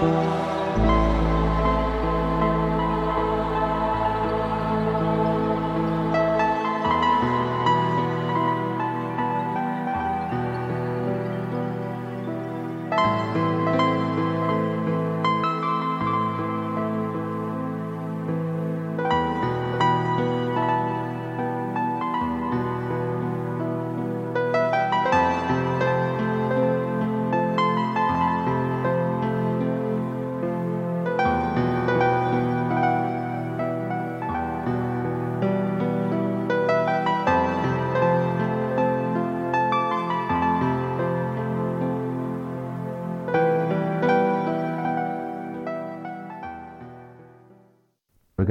Thank you.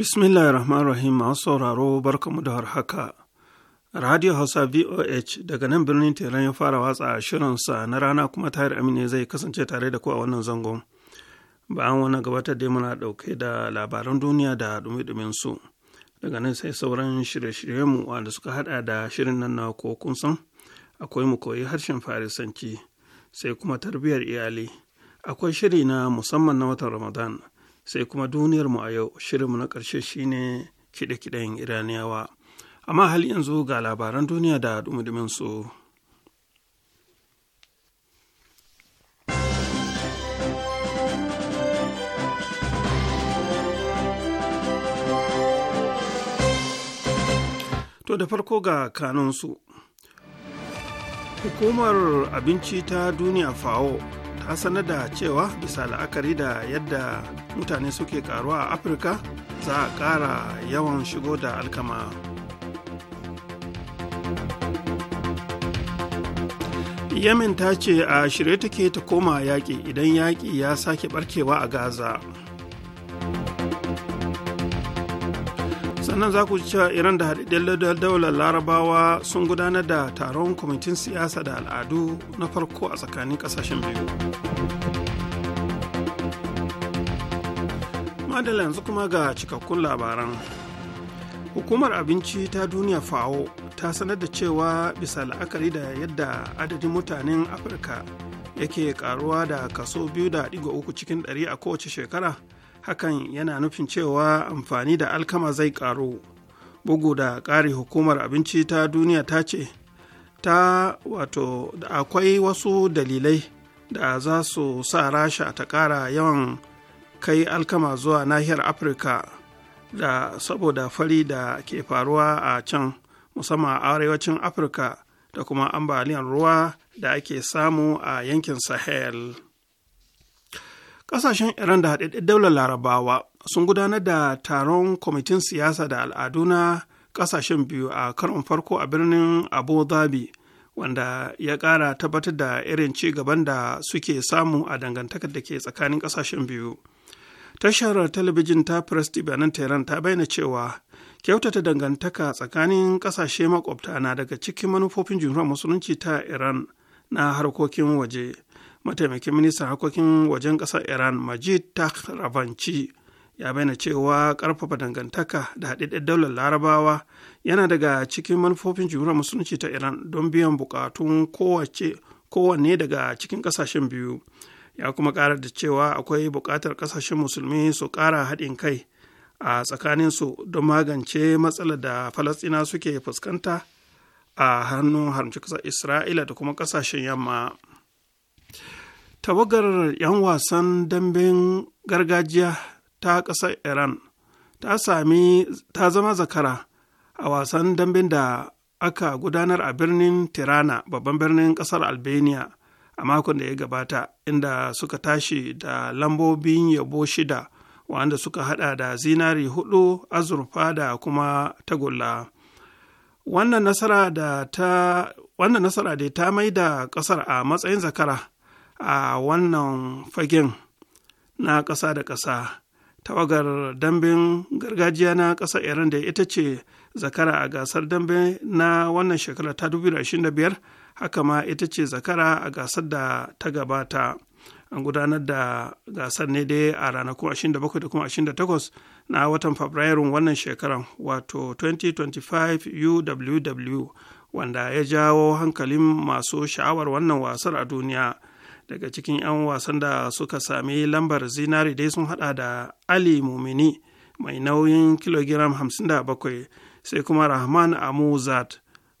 Bismillahi Rahmanir Rahim masu sauraro barkamu da haka. Radio Hausa VOH daga nan birnin Teran ya fara watsa shirinsa na rana kuma Tahir Amine zai kasance tare da ku a wannan zangon. Bayan wani gabatar da muna ɗauke da labaran duniya da dumi-dumin su. Daga nan sai sauran shirye mu wanda suka hada da shirin nan na ko kun san akwai mu koyi harshen Farisanci sai kuma tarbiyyar iyali. Akwai shiri na musamman na watan Ramadan. sai kuma duniyarmu a yau shirinmu na ƙarshe shine kiɗe-kiɗen iraniyawa amma hal yanzu ga labaran duniya da dumudumin su to da farko ga kanunsu hukumar abinci ta duniya fawo. A sanar da cewa bisa la'akari da yadda mutane suke karuwa a afirka za a ƙara yawan shigo da alkama Yamin ta ce a shirye take ta koma yaƙi idan yaƙi ya sake barkewa a gaza nan za ku ji cewa iran da haɗaɗɗen daular larabawa sun gudanar da taron kwamitin siyasa da al'adu na farko a tsakanin ƙasashen biyu madala yanzu kuma ga cikakkun labaran hukumar abinci ta duniya fao ta sanar da cewa bisa la'akari da yadda adadin mutanen afirka yake karuwa da kaso biyu da ga uku cikin ɗari a kowace shekara hakan yana nufin cewa amfani da alkama zai ƙaru bugu da ƙari hukumar abinci ta duniya ta ce ta wato da akwai wasu dalilai da za su sa rasha ta ƙara yawan kai alkama zuwa nahiyar afirka da saboda fari da ke faruwa a can musamman a arewacin afirka da kuma ambaliyar ruwa da ake samu a yankin sahel Ƙasashen Iran da haɗaɗɗen daular Larabawa sun gudanar da taron kwamitin siyasa da al'adu na ƙasashen biyu a karon farko a birnin Abu Dhabi, wanda ya ƙara tabbatar da irin ci gaban da suke samu a dangantakar da ke tsakanin ƙasashen biyu. Tashar talabijin ta Press TV nan Tehran ta bayyana cewa kyautata dangantaka tsakanin ƙasashe makwabta na daga cikin manufofin jumhuriyar musulunci ta Iran na harkokin waje. mataimakin ministan harkokin wajen ƙasar iran majid ravanci ya bayyana cewa ƙarfafa dangantaka da haɗaɗɗen daular larabawa yana daga cikin manufofin jumhuriyar musulunci ta iran don biyan bukatun kowanne daga cikin ƙasashen biyu ya kuma ƙara da cewa akwai buƙatar ƙasashen musulmi su ƙara haɗin kai a tsakaninsu don magance matsalar da falastina suke fuskanta a hannun harmci kasar isra'ila da kuma ƙasashen yamma tawagar 'yan wasan damben gargajiya ta ƙasar iran ta sami ta zama zakara a wasan damben da aka gudanar a birnin tirana babban birnin ƙasar albania a makon da ya gabata inda suka tashi da lambobin yabo shida wanda suka hada da zinari hudu azurfa da kuma tagulla wannan nasara da ta wannan nasara da ta maida kasar a matsayin zakara a wannan fagen na ƙasa da ƙasa tawagar damben gargajiya na ƙasar iran da ita ce zakara a gasar dambe na wannan shekara ta 2025 haka ma ita ce zakara a gasar da ta gabata an gudanar da gasar ne dai a ranakun 27 da kuma 28 na watan fabrairun wannan shekaran wato 2025 uww wanda ya jawo hankalin masu sha'awar wannan wasar a duniya daga cikin 'yan wasan da suka sami lambar zinari dai sun hada da ali mumini mai nauyin kilogiram 57 sai kuma rahman amuzat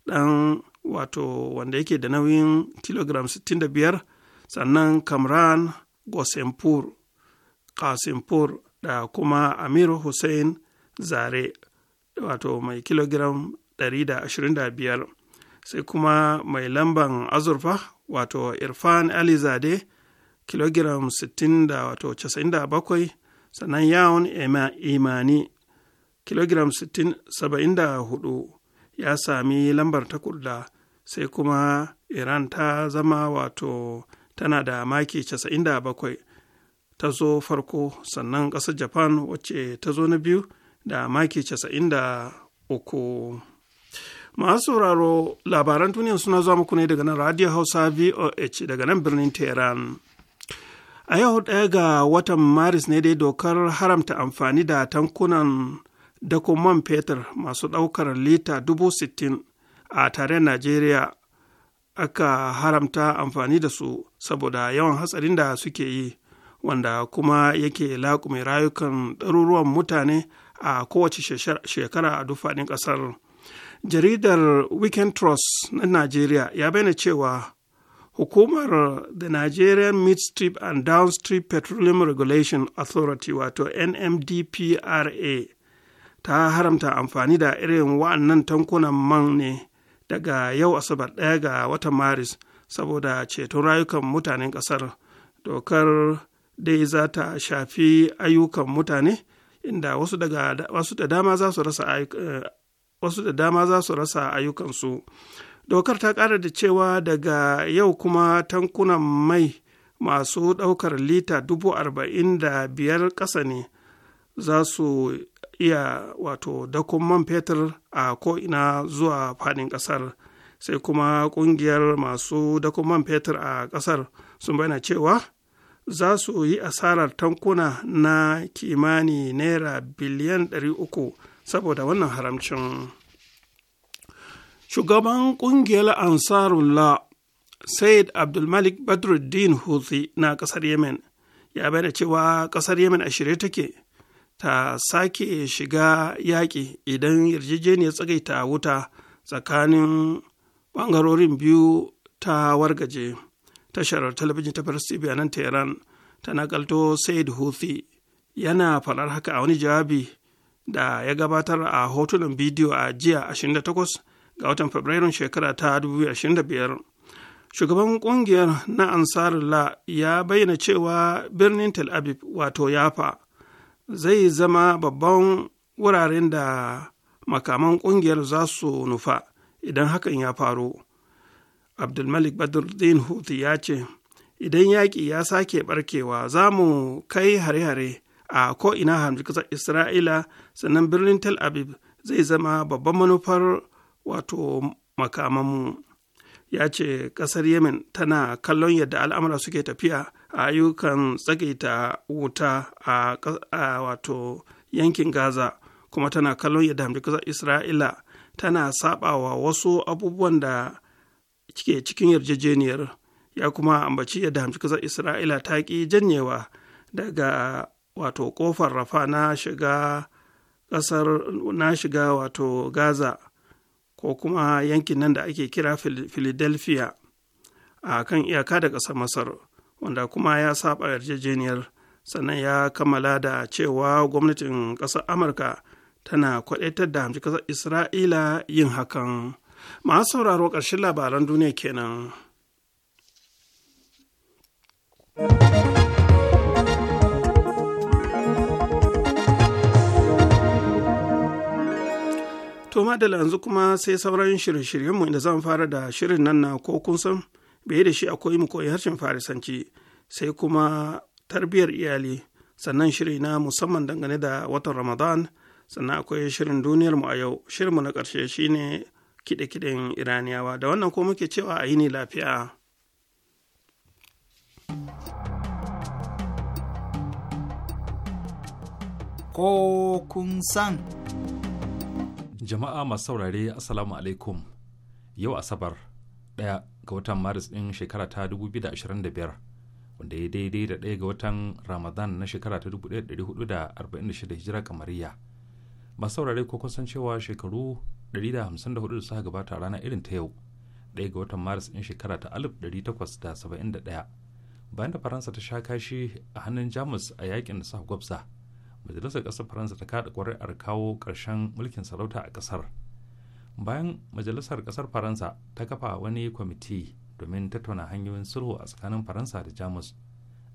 dan wato wanda yake da nauyin kilogiram 65 sannan kamran gosempur kasimpur da kuma amir hussein zare wato mai kilogiram 125 sai kuma mai lamban azurfa wato irfan alizade zade kilogiram 60 da wato 97 sannan yawon imani kilogiram 74 ya sami lambar takurda sai kuma iran ta zama wato tana da maki 97 ta zo farko sannan ƙasar japan wacce ta zo na biyu da maki 93 masu sauraro labaran duniya suna zuwa muku ne daga nan radio hausa voh daga nan birnin tehran a yau ɗaya ga watan maris ne dai dokar haramta amfani da tankunan dakon man fetur masu ɗaukar lita dubu sittin a tare najeriya aka haramta amfani da su saboda yawan hatsarin da suke yi wanda kuma yake laƙume rayukan ɗaruruwan mutane a kowace shekara a dufaɗin ƙasar jaridar weekend trust na najeriya ya bayyana cewa hukumar the nigerian midstream and downstream petroleum regulation authority wato nmdpra ta haramta amfani da irin wa'annan tankunan man ne daga yau asabar ɗaya ga watan maris saboda ceton rayukan mutanen kasar dokar dai za ta shafi ayyukan mutane inda wasu, wasu da dama za su rasa wasu da dama za su rasa ayyukansu dokar ta ƙara da cewa daga yau kuma tankunan mai masu ɗaukar lita dubu arba'in da biyar ƙasa ne za su iya wato dakon man fetur a ko'ina zuwa fadin ƙasar sai kuma ƙungiyar masu dakon man fetur a ƙasar sun bayyana cewa za su yi asarar tankuna na kimani naira biliyan 300 saboda wannan haramcin shugaban ƙungiyar ansarullah said abdulmalik badruddin houthi na ƙasar yemen ya bayyana cewa ƙasar yemen a shirye take ta sake shiga yaƙi idan yarjejeniyar tsagaita wuta tsakanin ɓangarorin biyu ta wargaje tashar talabijin ta farsi biyanan nan tehran ta nakalto said huthi yana faɗar haka a wani jawabi da ya gabatar a hotunan bidiyo a jiya 28 ga watan fabrairun shekara ta 2025 shugaban kungiyar na ansarullah ya bayyana cewa birnin tel aviv wato yafa zai zama babban wuraren da makaman kungiyar za su nufa idan hakan ya faru abdulmalik badruddin huthi ya ce idan yaƙi ya sake barkewa za mu kai hare-hare a ko'ina hamji ƙasar isra'ila sannan birnin tel aviv zai zama babban manufar wato makamanmu ya ce ƙasar yemen tana kallon yadda al'amura suke tafiya a ayyukan tsagaita wuta a wato yankin gaza kuma tana kallon yadda hamji ƙasar isra'ila tana saɓawa wasu abubuwan da ke cikin yarjejeniyar ya kuma ambaci yadda hamji ƙasar isra'ila ta ƙi janyewa daga wato ƙofar rafa na shiga ƙasar na shiga wato gaza ko kuma yankin nan da ake kira philadelphia a kan iyaka da ƙasar masar wanda kuma ya saba yarjejeniyar sannan ya kammala da cewa gwamnatin ƙasar amurka tana kwadaitar da hamci ƙasar isra'ila yin hakan masu sauraro ƙarshen labaran duniya kenan. To madala yanzu kuma sai sauran shirye-shiryenmu inda zan fara da shirin nan na ko kun san bai da shi akwai mu koyi harshen farisanci sai kuma tarbiyyar iyali sannan shiri na musamman dangane da watan Ramadan sannan akwai shirin duniyar mu a yau shirin mu na ƙarshe shine kiɗe-kiɗen Iraniyawa da wannan ko muke cewa a yi ne lafiya. Ko kun san. jama'a masu saurare assalamu alaikum yau asabar ɗaya ga watan maris ɗin shekara ta 2025 wanda ya daidai da ɗaya ga watan ramadan na shekara ta 1446 hijira kamariya masu saurare ko kusan cewa shekaru 154 da suka gabata rana irin ta yau ɗaya ga watan maris ɗin shekara ta 1871 bayan da faransa ta sha kashi a hannun jamus a yakin da suka gwabza majalisar ƙasar faransa ta kada ƙuri'ar kawo ƙarshen mulkin sarauta a ƙasar bayan majalisar ƙasar faransa ta kafa wani kwamiti domin tattauna hanyoyin sulhu a tsakanin faransa da jamus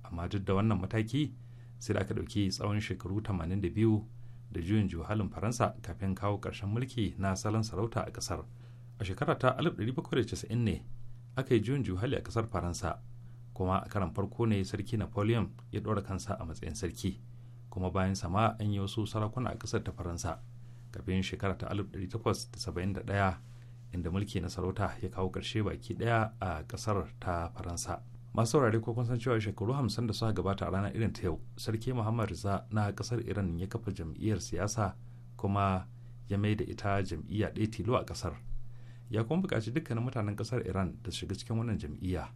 amma duk da wannan mataki sai da aka ɗauki tsawon shekaru 82 da juyin juhalin faransa kafin kawo ƙarshen mulki na salon sarauta a ƙasar a shekara ta 1790 ne aka yi juyin juhali a ƙasar faransa kuma a karan farko ne sarki napoleon ya ɗora kansa a matsayin sarki kuma bayan sama an yi wasu sarakuna a kasar ta faransa kafin shekara ta 1871 inda mulki na sarauta ya kawo ƙarshe baki ɗaya a ƙasar ta faransa masu saurare ko kun san cewa shekaru 50 da suka gabata a ranar irin ta yau sarki muhammad riza na kasar iran ya kafa jam'iyyar siyasa kuma ya mai da ita jam'iyya ɗaya tilo a ƙasar ya kuma buƙaci dukkanin mutanen ƙasar iran da su shiga cikin wannan jam'iyya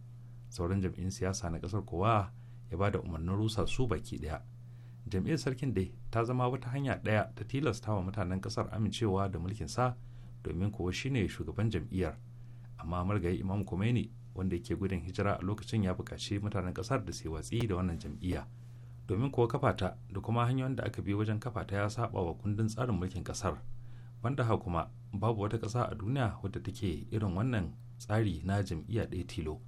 sauran jam'iyyun siyasa na kasar kowa ya ba da umarnin rusa su baki ɗaya jam'iyyar sarkin dai ta zama wata hanya ɗaya ta tilasta wa mutanen ƙasar amincewa da mulkin sa domin kuwa shine shugaban jam'iyyar amma margayi imam Khomeini wanda yake gudun hijira a lokacin ya buƙaci mutanen ƙasar da su watsi da wannan jam'iyya domin kuwa kafata da kuma hanyoyin da aka bi wajen kafata ya saba wa kundin tsarin mulkin ƙasar banda haka kuma babu wata ƙasa a duniya wadda take irin wannan tsari na jam'iyya ɗaya tilo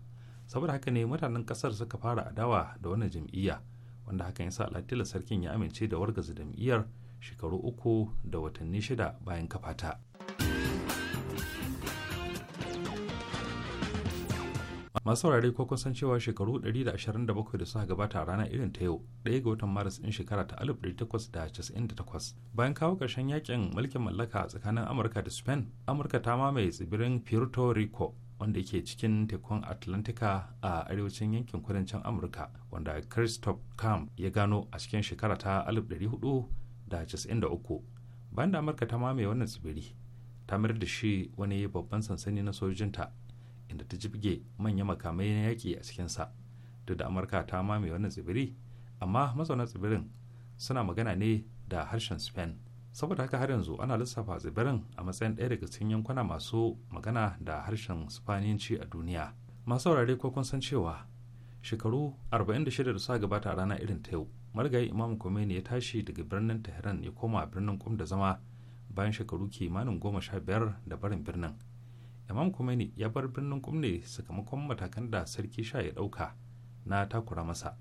saboda haka ne mutanen ƙasar suka fara adawa da wannan jam'iyya wanda hakan ya sa alatila sarkin ya amince da wargaza jam'iyyar shekaru uku da watanni shida bayan kafata. masu saurare ko kusan cewa shekaru 127 da suka gabata a ranar irin ta yau ɗaya ga watan maris ɗin shekara ta 1898 bayan kawo karshen yakin mulkin mallaka tsakanin amurka da spain amurka ta mamaye tsibirin puerto rico wanda ke cikin tekun atlantika a arewacin yankin kudancin amurka wanda christop camp ya gano a cikin shekara ta 1493 bayan da amurka ta mamaye wannan tsibiri ta mayar da shi wani babban sansani na sojinta inda ta jibge manyan makamai na yaƙi a cikinsa duk da amurka ta mamaye wannan tsibiri amma mazauna tsibirin suna magana ne da harshen spain saboda haka har yanzu ana lissafa tsibirin a matsayin ɗaya daga cikin yankuna masu magana da harshen spaniyanci a duniya masu saurare ko kun san cewa shekaru 46 da suka gabata a rana irin ta yau marigayi imam komeni ya tashi daga birnin tehran ya koma birnin kum da zama bayan shekaru kimanin goma sha biyar da barin birnin imam komeni ya bar birnin kum ne sakamakon matakan da sarki sha ya ɗauka na takura masa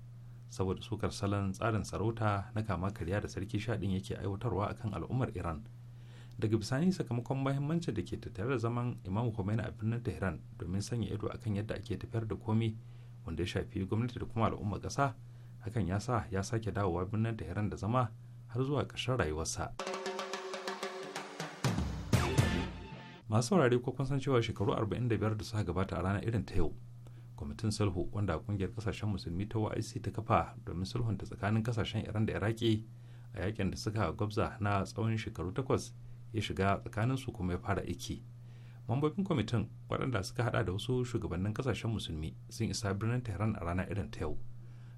saboda sukar salon tsarin sarauta na kama karya da sarki shaɗin yake aiwatarwa akan al'ummar iran daga bisani sakamakon mahimmanci da ke tattare da zaman imam khomeini a birnin tehran domin sanya ido akan yadda ake tafiyar da komi wanda ya shafi gwamnati da kuma al'ummar kasa hakan ya sa ya sake dawowa birnin tehran da zama har zuwa ƙarshen rayuwarsa masu saurare ko kun san cewa shekaru 45 da suka gabata a ranar irin ta yau kwamitin sulhu wanda kungiyar kasashen musulmi ta oic ta kafa domin sulhunta tsakanin kasashen iran da iraki a yakin da suka gwabza na tsawon shekaru takwas ya shiga tsakanin su kuma ya fara aiki mambobin kwamitin waɗanda suka hada da wasu shugabannin kasashen musulmi sun isa birnin tehran a rana irin ta yau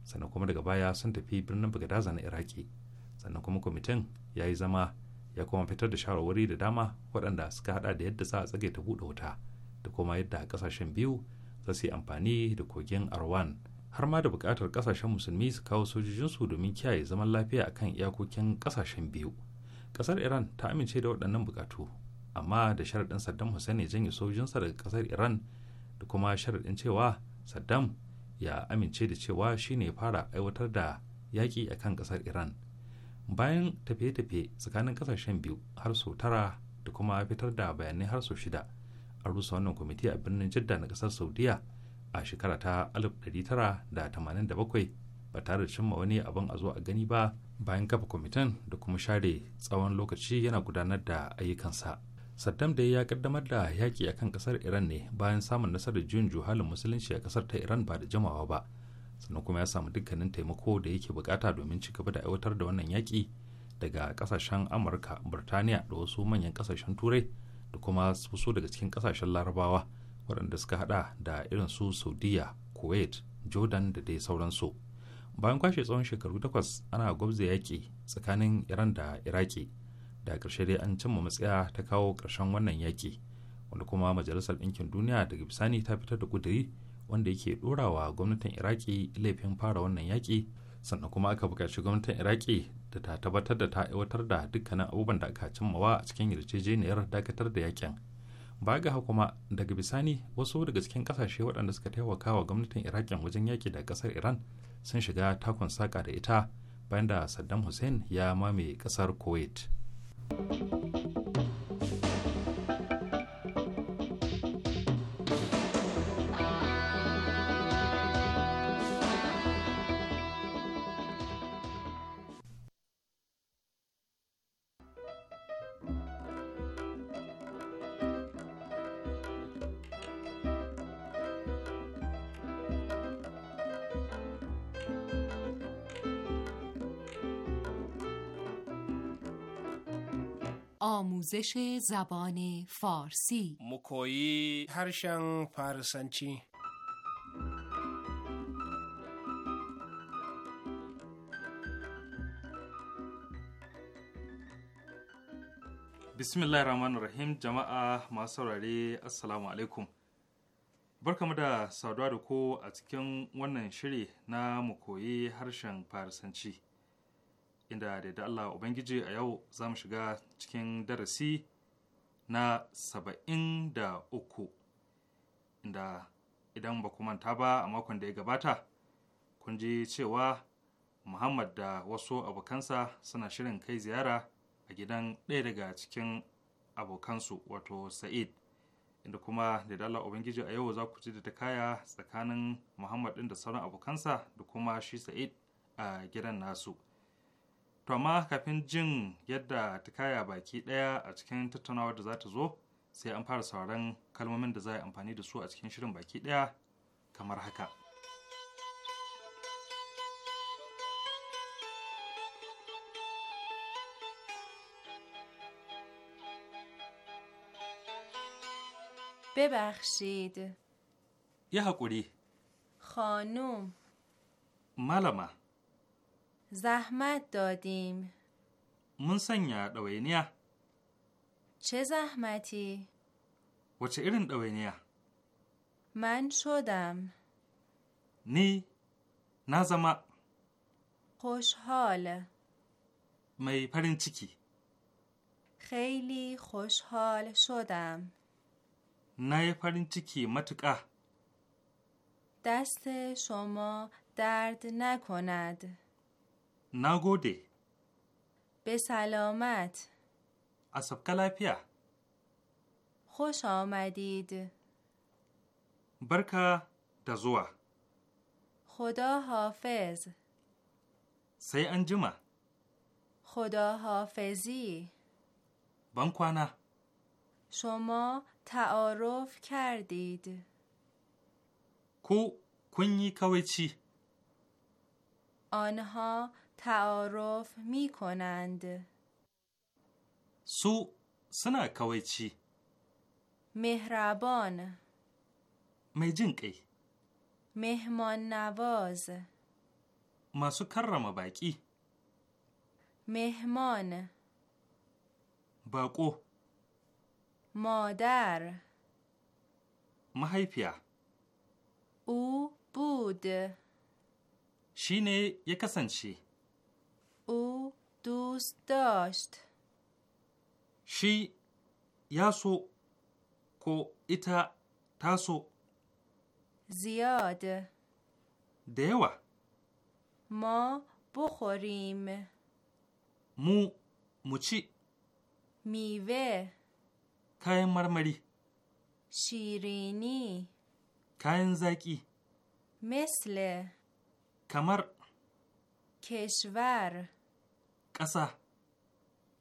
sannan kuma daga baya sun tafi birnin bagadaza na iraki sannan kuma kwamitin ya yi zama ya kuma fitar da shawarwari da dama waɗanda suka hada da yadda za a tsage ta buɗe wuta da kuma yadda kasashen biyu za su yi amfani da kogin arwan har ma da bukatar kasashen musulmi su kawo sojojinsu domin kiyaye zaman lafiya akan iyakokin kasashen biyu kasar iran ta amince da waɗannan bukatu amma da sharaɗin saddam hussein ya janye sojojinsa daga kasar iran da kuma sharaɗin cewa saddam ya amince da cewa shine fara aiwatar da yaƙi akan kasar iran bayan tafiye-tafiye tsakanin kasashen biyu har sau tara da kuma fitar da bayanai har sau shida a rusa wannan kwamiti a birnin jidda na kasar saudiya a shekara ta 1987 ba tare da cimma wani abin a zo a gani ba bayan kafa kwamitin da kuma share tsawon lokaci yana gudanar da ayyukansa saddam da ya kaddamar da yaƙi a kan ƙasar iran ne bayan samun nasarar juyin juhalin musulunci a ƙasar ta iran ba da jimawa ba sannan kuma ya samu dukkanin taimako da yake bukata domin ci gaba da aiwatar da wannan yaƙi daga ƙasashen amurka burtaniya da wasu manyan ƙasashen turai da kuma wasu daga cikin kasashen larabawa waɗanda suka hada da irin su saudiya kuwait jordan da dai sauransu bayan kwashe tsawon shekaru takwas ana gwabza yaƙi tsakanin iran da iraki da ƙarshe dai an cimma matsaya ta kawo ƙarshen wannan yaƙi wanda kuma majalisar ɗinkin duniya daga bisani ta fitar da ƙudiri wanda yake ɗorawa gwamnatin iraki laifin fara wannan yaƙi sannan kuma aka buƙaci gwamnatin iraki da ta tabbatar da ta aiwatar da dukkanin abubuwan da aka cimmawa a cikin yarjejeniyar dakatar da yakin ba ga kuma daga bisani wasu daga cikin kasashe waɗanda suka taimaka wa gwamnatin irakin wajen yaki da ƙasar iran sun shiga takon saƙa da ita bayan da saddam hussein ya mame ƙasar kuwait آموزش زبان فارسی مکویی هرشن فارسنچی bismillah rahman rahim jama'a masu saurari asalamu alaikum barkamu da saduwa da ko a cikin wannan shiri na mu koyi harshen farisanci inda da Allah Ubangiji a yau za mu shiga cikin darasi na saba'in da uku inda idan ba manta ba a makon da ya gabata kun ji cewa Muhammad da wasu abokansa suna shirin kai ziyara a gidan ɗaya daga cikin abokansu wato Sa'id inda kuma da Allah Ubangiji a yau za ku ji da ta kaya tsakanin Muhammad ɗin da sauran abokansa da kuma shi Sa'id a gidan nasu. To amma kafin jin yadda ta kaya baki ɗaya a cikin tattaunawar da za ta zo sai an fara sauran kalmomin da za a yi amfani da su a cikin shirin baki ɗaya kamar haka. ببخشید یه حقوری خانوم Malama. زحمت دادیم من سنیا دوینیا چه زحمتی؟ و چه ایرن دوینیا؟ من شدم نی نازما خوشحال می پرین چیکی خیلی خوشحال شدم نه پرین چیکی متقه دست شما درد نکند نگوده به سلامت اصاب کلاپیا خوش آمدید برکه دزوه خدا حافظ سی انجما خدا حافظی بانکوانه شما تعارف کردید کو کنی کویچی آنها تعارف می کنند سو سنا کوی چی مهربان می مهمان نواز ما سو کرم باکی مهمان باقو مادر محیفیا او بود شینه یکسن شی او دوست داشت شی یاسو کو ایتا تاسو زیاد دیوا ما بخوریم مو مچی میوه کاین مرمری شیرینی کاین زاکی مثل کمر کشور کسا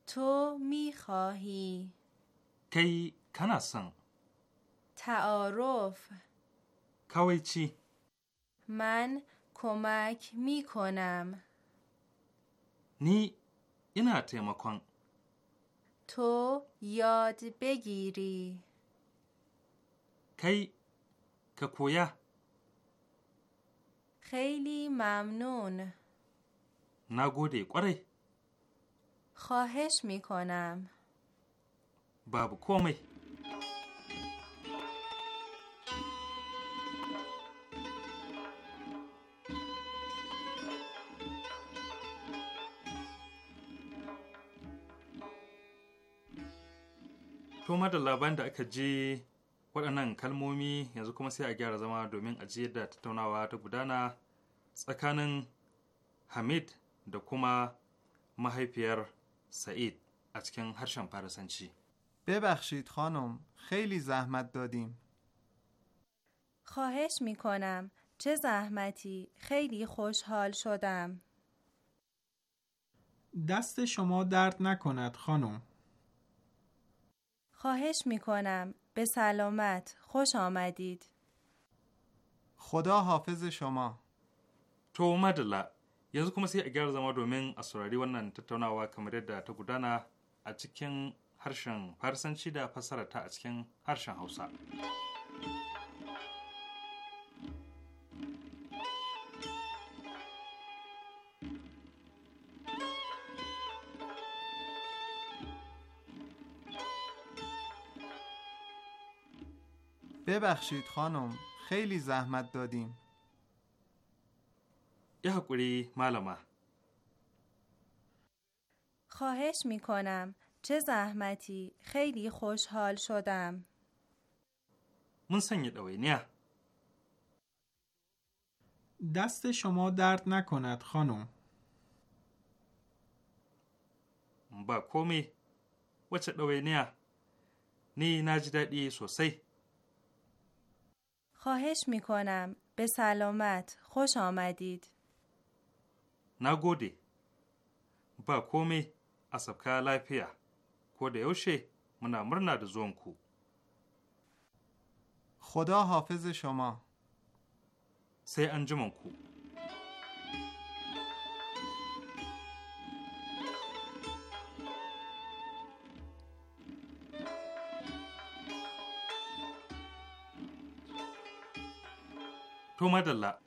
تو میخواهی کی کناسن؟ تعارف کوی چی من کمک میکنم نی اینا کن تو یاد بگیری کی ککویا خیلی ممنون نگودی قره خواهش می کنم باب کومی To da labarin da aka je waɗannan kalmomi yanzu kuma sai a gyara zama domin a da tattaunawa ta gudana tsakanin Hamid da kuma mahaifiyar سعید از کن harshen چی؟ ببخشید خانم خیلی زحمت دادیم خواهش می کنم چه زحمتی خیلی خوشحال شدم دست شما درد نکند خانم خواهش می کنم به سلامت خوش آمدید خدا حافظ شما تو اومدلا yanzu kuma sai a gyara zama domin a saurari wannan tattaunawa kamar yadda ta gudana a cikin harshen farsanci da fassara ta a cikin harshen hausa ببخشید خانم خیلی زحمت دادیم یه حقوری معلمه خواهش میکنم چه زحمتی خیلی خوشحال شدم من سنگ دوینیه دست شما درد نکند خانم با کومی وچه دوینیه نی نجددی سوسی خواهش میکنم به سلامت خوش آمدید Na gode. Ba komai a sabka lafiya, ko da yaushe muna murna da zuwanku. خدا hafiz shama. sai an ji ku. To madalla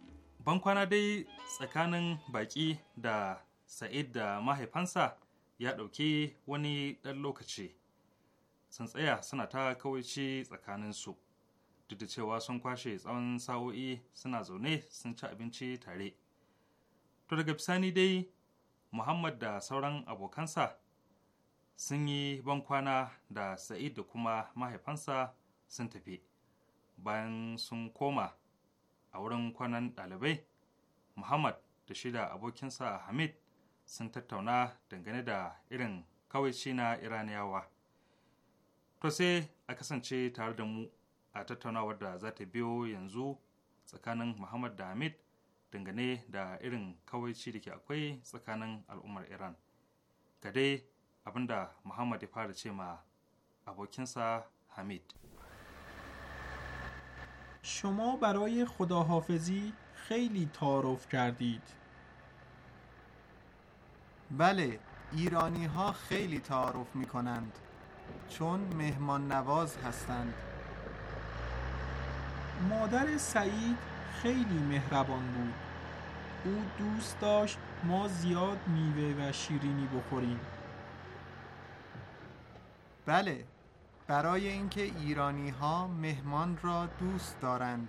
Ban kwana dai tsakanin baƙi da sa'id da mahaifansa ya ɗauki wani ɗan lokaci sun tsaya suna ta kawaici tsakaninsu duk da cewa sun kwashe tsawon sa'o'i suna zaune sun ci abinci tare to daga bisani dai muhammad da sauran abokansa sun yi ban kwana da sa'id da kuma mahaifansa sun tafi bayan sun koma a wurin kwanan ɗalibai muhammad da shida abokinsa hamid sun tattauna dangane da irin kawaici na iraniyawa to sai a kasance tare da mu a tattaunawar da za ta biyo yanzu tsakanin muhammad da hamid dangane da irin kawaici da ke akwai tsakanin al'ummar iran ga dai abinda muhammad ya fara ce ma abokinsa hamid شما برای خداحافظی خیلی تعارف کردید بله ایرانی ها خیلی تعارف می کنند چون مهمان نواز هستند مادر سعید خیلی مهربان بود او دوست داشت ما زیاد میوه و شیرینی بخوریم بله برای اینکه ایرانی ها مهمان را دوست دارند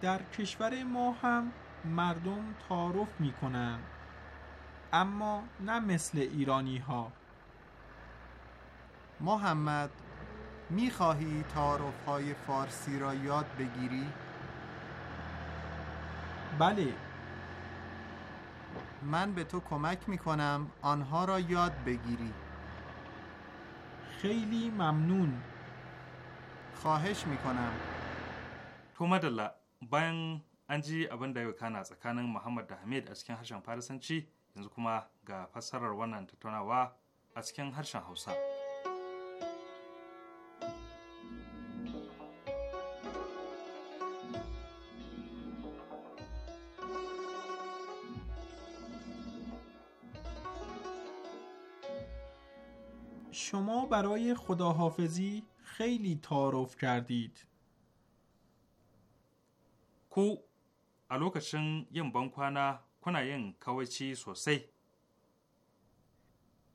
در کشور ما هم مردم تعارف می کنند اما نه مثل ایرانی ها محمد می خواهی تعارف های فارسی را یاد بگیری؟ بله من به تو کمک می کنم آنها را یاد بگیری خیلی ممنون خواهش میکنم تو مدلا باین an ji abin da ya kana tsakanin Muhammad da Hamid a cikin harshen Farisanci yanzu kuma ga fassarar wannan tattaunawa a cikin harshen Hausa. شما برای خداحافظی خیلی تعارف کردید. کو الوکشن یه بانکوانا کنا کوچی کوچی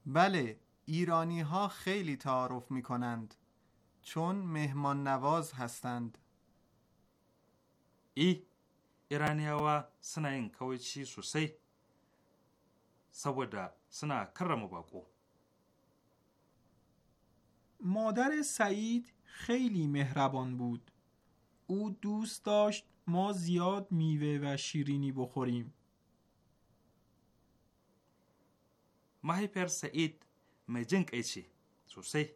بله ایرانی ها خیلی تعارف می کنند چون مهمان نواز هستند ای ایرانی ها سنا این کوچی سوسی سبوده سنا کرم باکو مادر سعید خیلی مهربان بود او دوست داشت ما زیاد میوه و شیرینی بخوریم ماهی پر سعید مجنگ ایچی سوسی.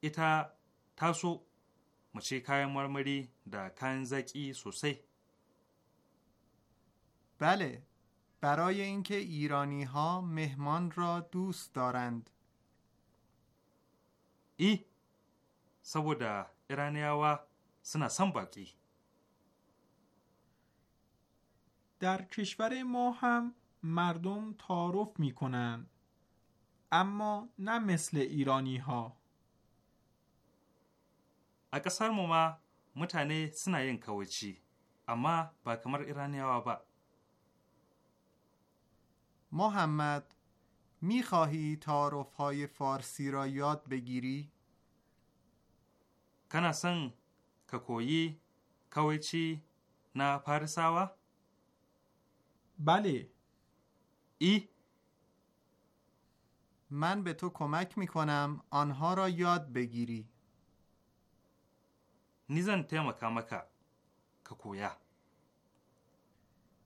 ایتا تاسو مچی کای مرمری دا کنزکی سوسی بله برای اینکه ایرانی مهمان را دوست دارند ای e, saboda iraniyawa suna son baki در کشور ما هم مردم تعارف می اما نه مثل ایرانی ها اکثر ما متانه سناین یین کوچی اما با کمر ایرانی ها با محمد میخواهی تعارف های فارسی را یاد بگیری؟ کناسن ککویی کویچی نا پارساوا؟ بله ای من به تو کمک میکنم آنها را یاد بگیری نیزن تیما کامکا ککویا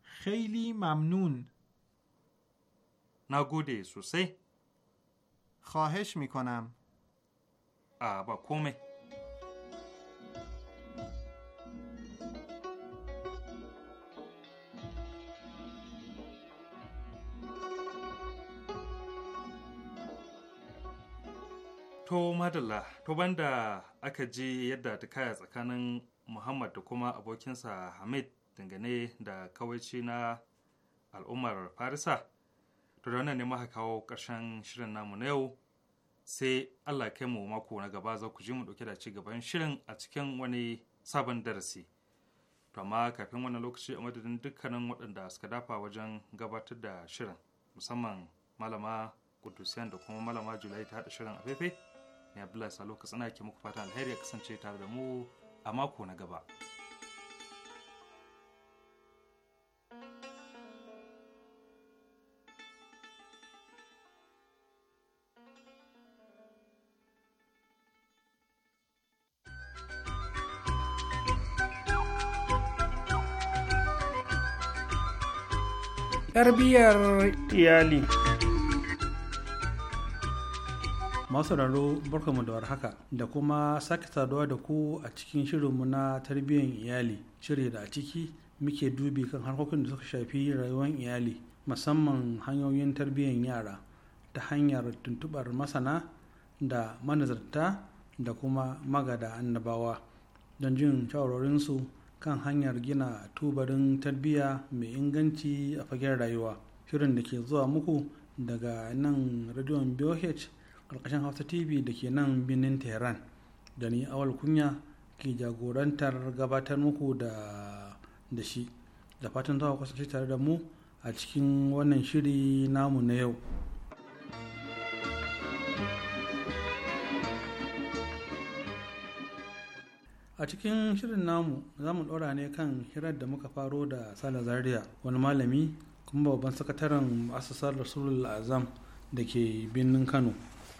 خیلی ممنون Na gode sosai. سوسه خواهش میکنم ba kome. To madalla, to banda aka ji yadda ta kaya tsakanin Muhammad da kuma abokinsa Hamid dangane da kawaici na al'ummar Farisa, to da wannan ne muka kawo ƙarshen shirin namu na yau sai allah kai mu mako na gaba za ku ji mu dauke da ci gaban shirin a cikin wani sabon darasi to amma kafin wannan lokaci a madadin dukkanin waɗanda suka dafa wajen gabatar da shirin musamman malama kudusiyan da kuma malama julai ta haɗa shirin a faifai ne abdullahi salo ka tsana ke muku fatan alheri ya kasance tare da mu a mako na gaba. tarbiyyar iyali masu raro barkamu da warhaka da kuma sake saduwa da ku a cikin shirinmu na tarbiyyar iyali shirya da a ciki muke dubi kan harkokin da suka shafi rayuwar iyali musamman hanyoyin tarbiyyar yara ta hanyar tuntubar masana da manazarta da kuma magada annabawa don jin shawarorinsu kan hanyar gina tubarin tarbiyya mai inganci a fagen rayuwa shirin da ke zuwa muku daga nan rediyon boh karkashin hausa tv da ke nan birnin tehran da ni awal kunya ke jagorantar gabatar muku da shi da fatan zuwa ku tare da mu a cikin wannan shiri namu na yau a cikin shirin namu za mu ɗora ne kan hirar da muka faro da sala zaria wani malami kuma babban sakataren asasar rasulul azam da ke birnin kano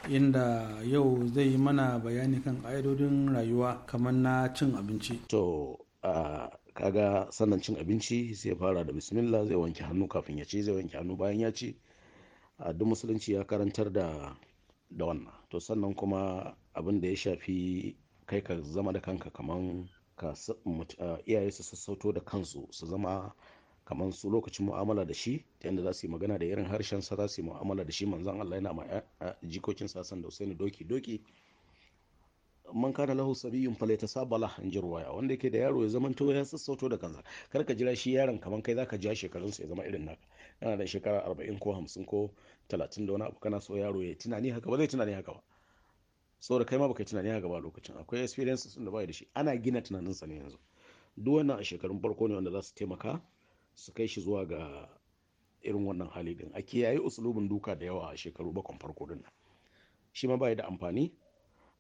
inda yau zai yi mana bayani kan ƙa'idodin rayuwa kamar na cin abinci to a kaga sannan cin abinci sai fara da bismillah zai wanke hannu kafin ya ci zai wanke hannu bayan ya ci a duk musulunci ya karantar da da wannan to sannan kuma abin da ya shafi kai ka zama da kanka kaman ka iyaye su sassauto da kansu su zama kamar su lokacin mu'amala da shi ta yadda za su yi magana da irin harshen sa za su yi mu'amala da shi manzan Allah yana ma jikokin sa san da Usaini doki doki man kana lahu sabiyun fala yatasabala hanjir waya wanda yake da yaro ya zama to ya sassauto da kansa kar ka jira shi yaron kaman kai zaka ja shekarun sa ya zama irin naka yana da shekara 40 ko 50 ko 30 da wani abu kana so yaro ya tunani haka ba zai tunani haka ba saboda kai ma baka tunani a gaba lokacin akwai experiences da bai da shi ana gina sa ne yanzu duk wannan a shekarun farko ne wanda za su taimaka su kai shi zuwa ga irin wannan hali din a kiyaye usulubin duka da yawa a shekaru bakon farko din nan shi ma bai da amfani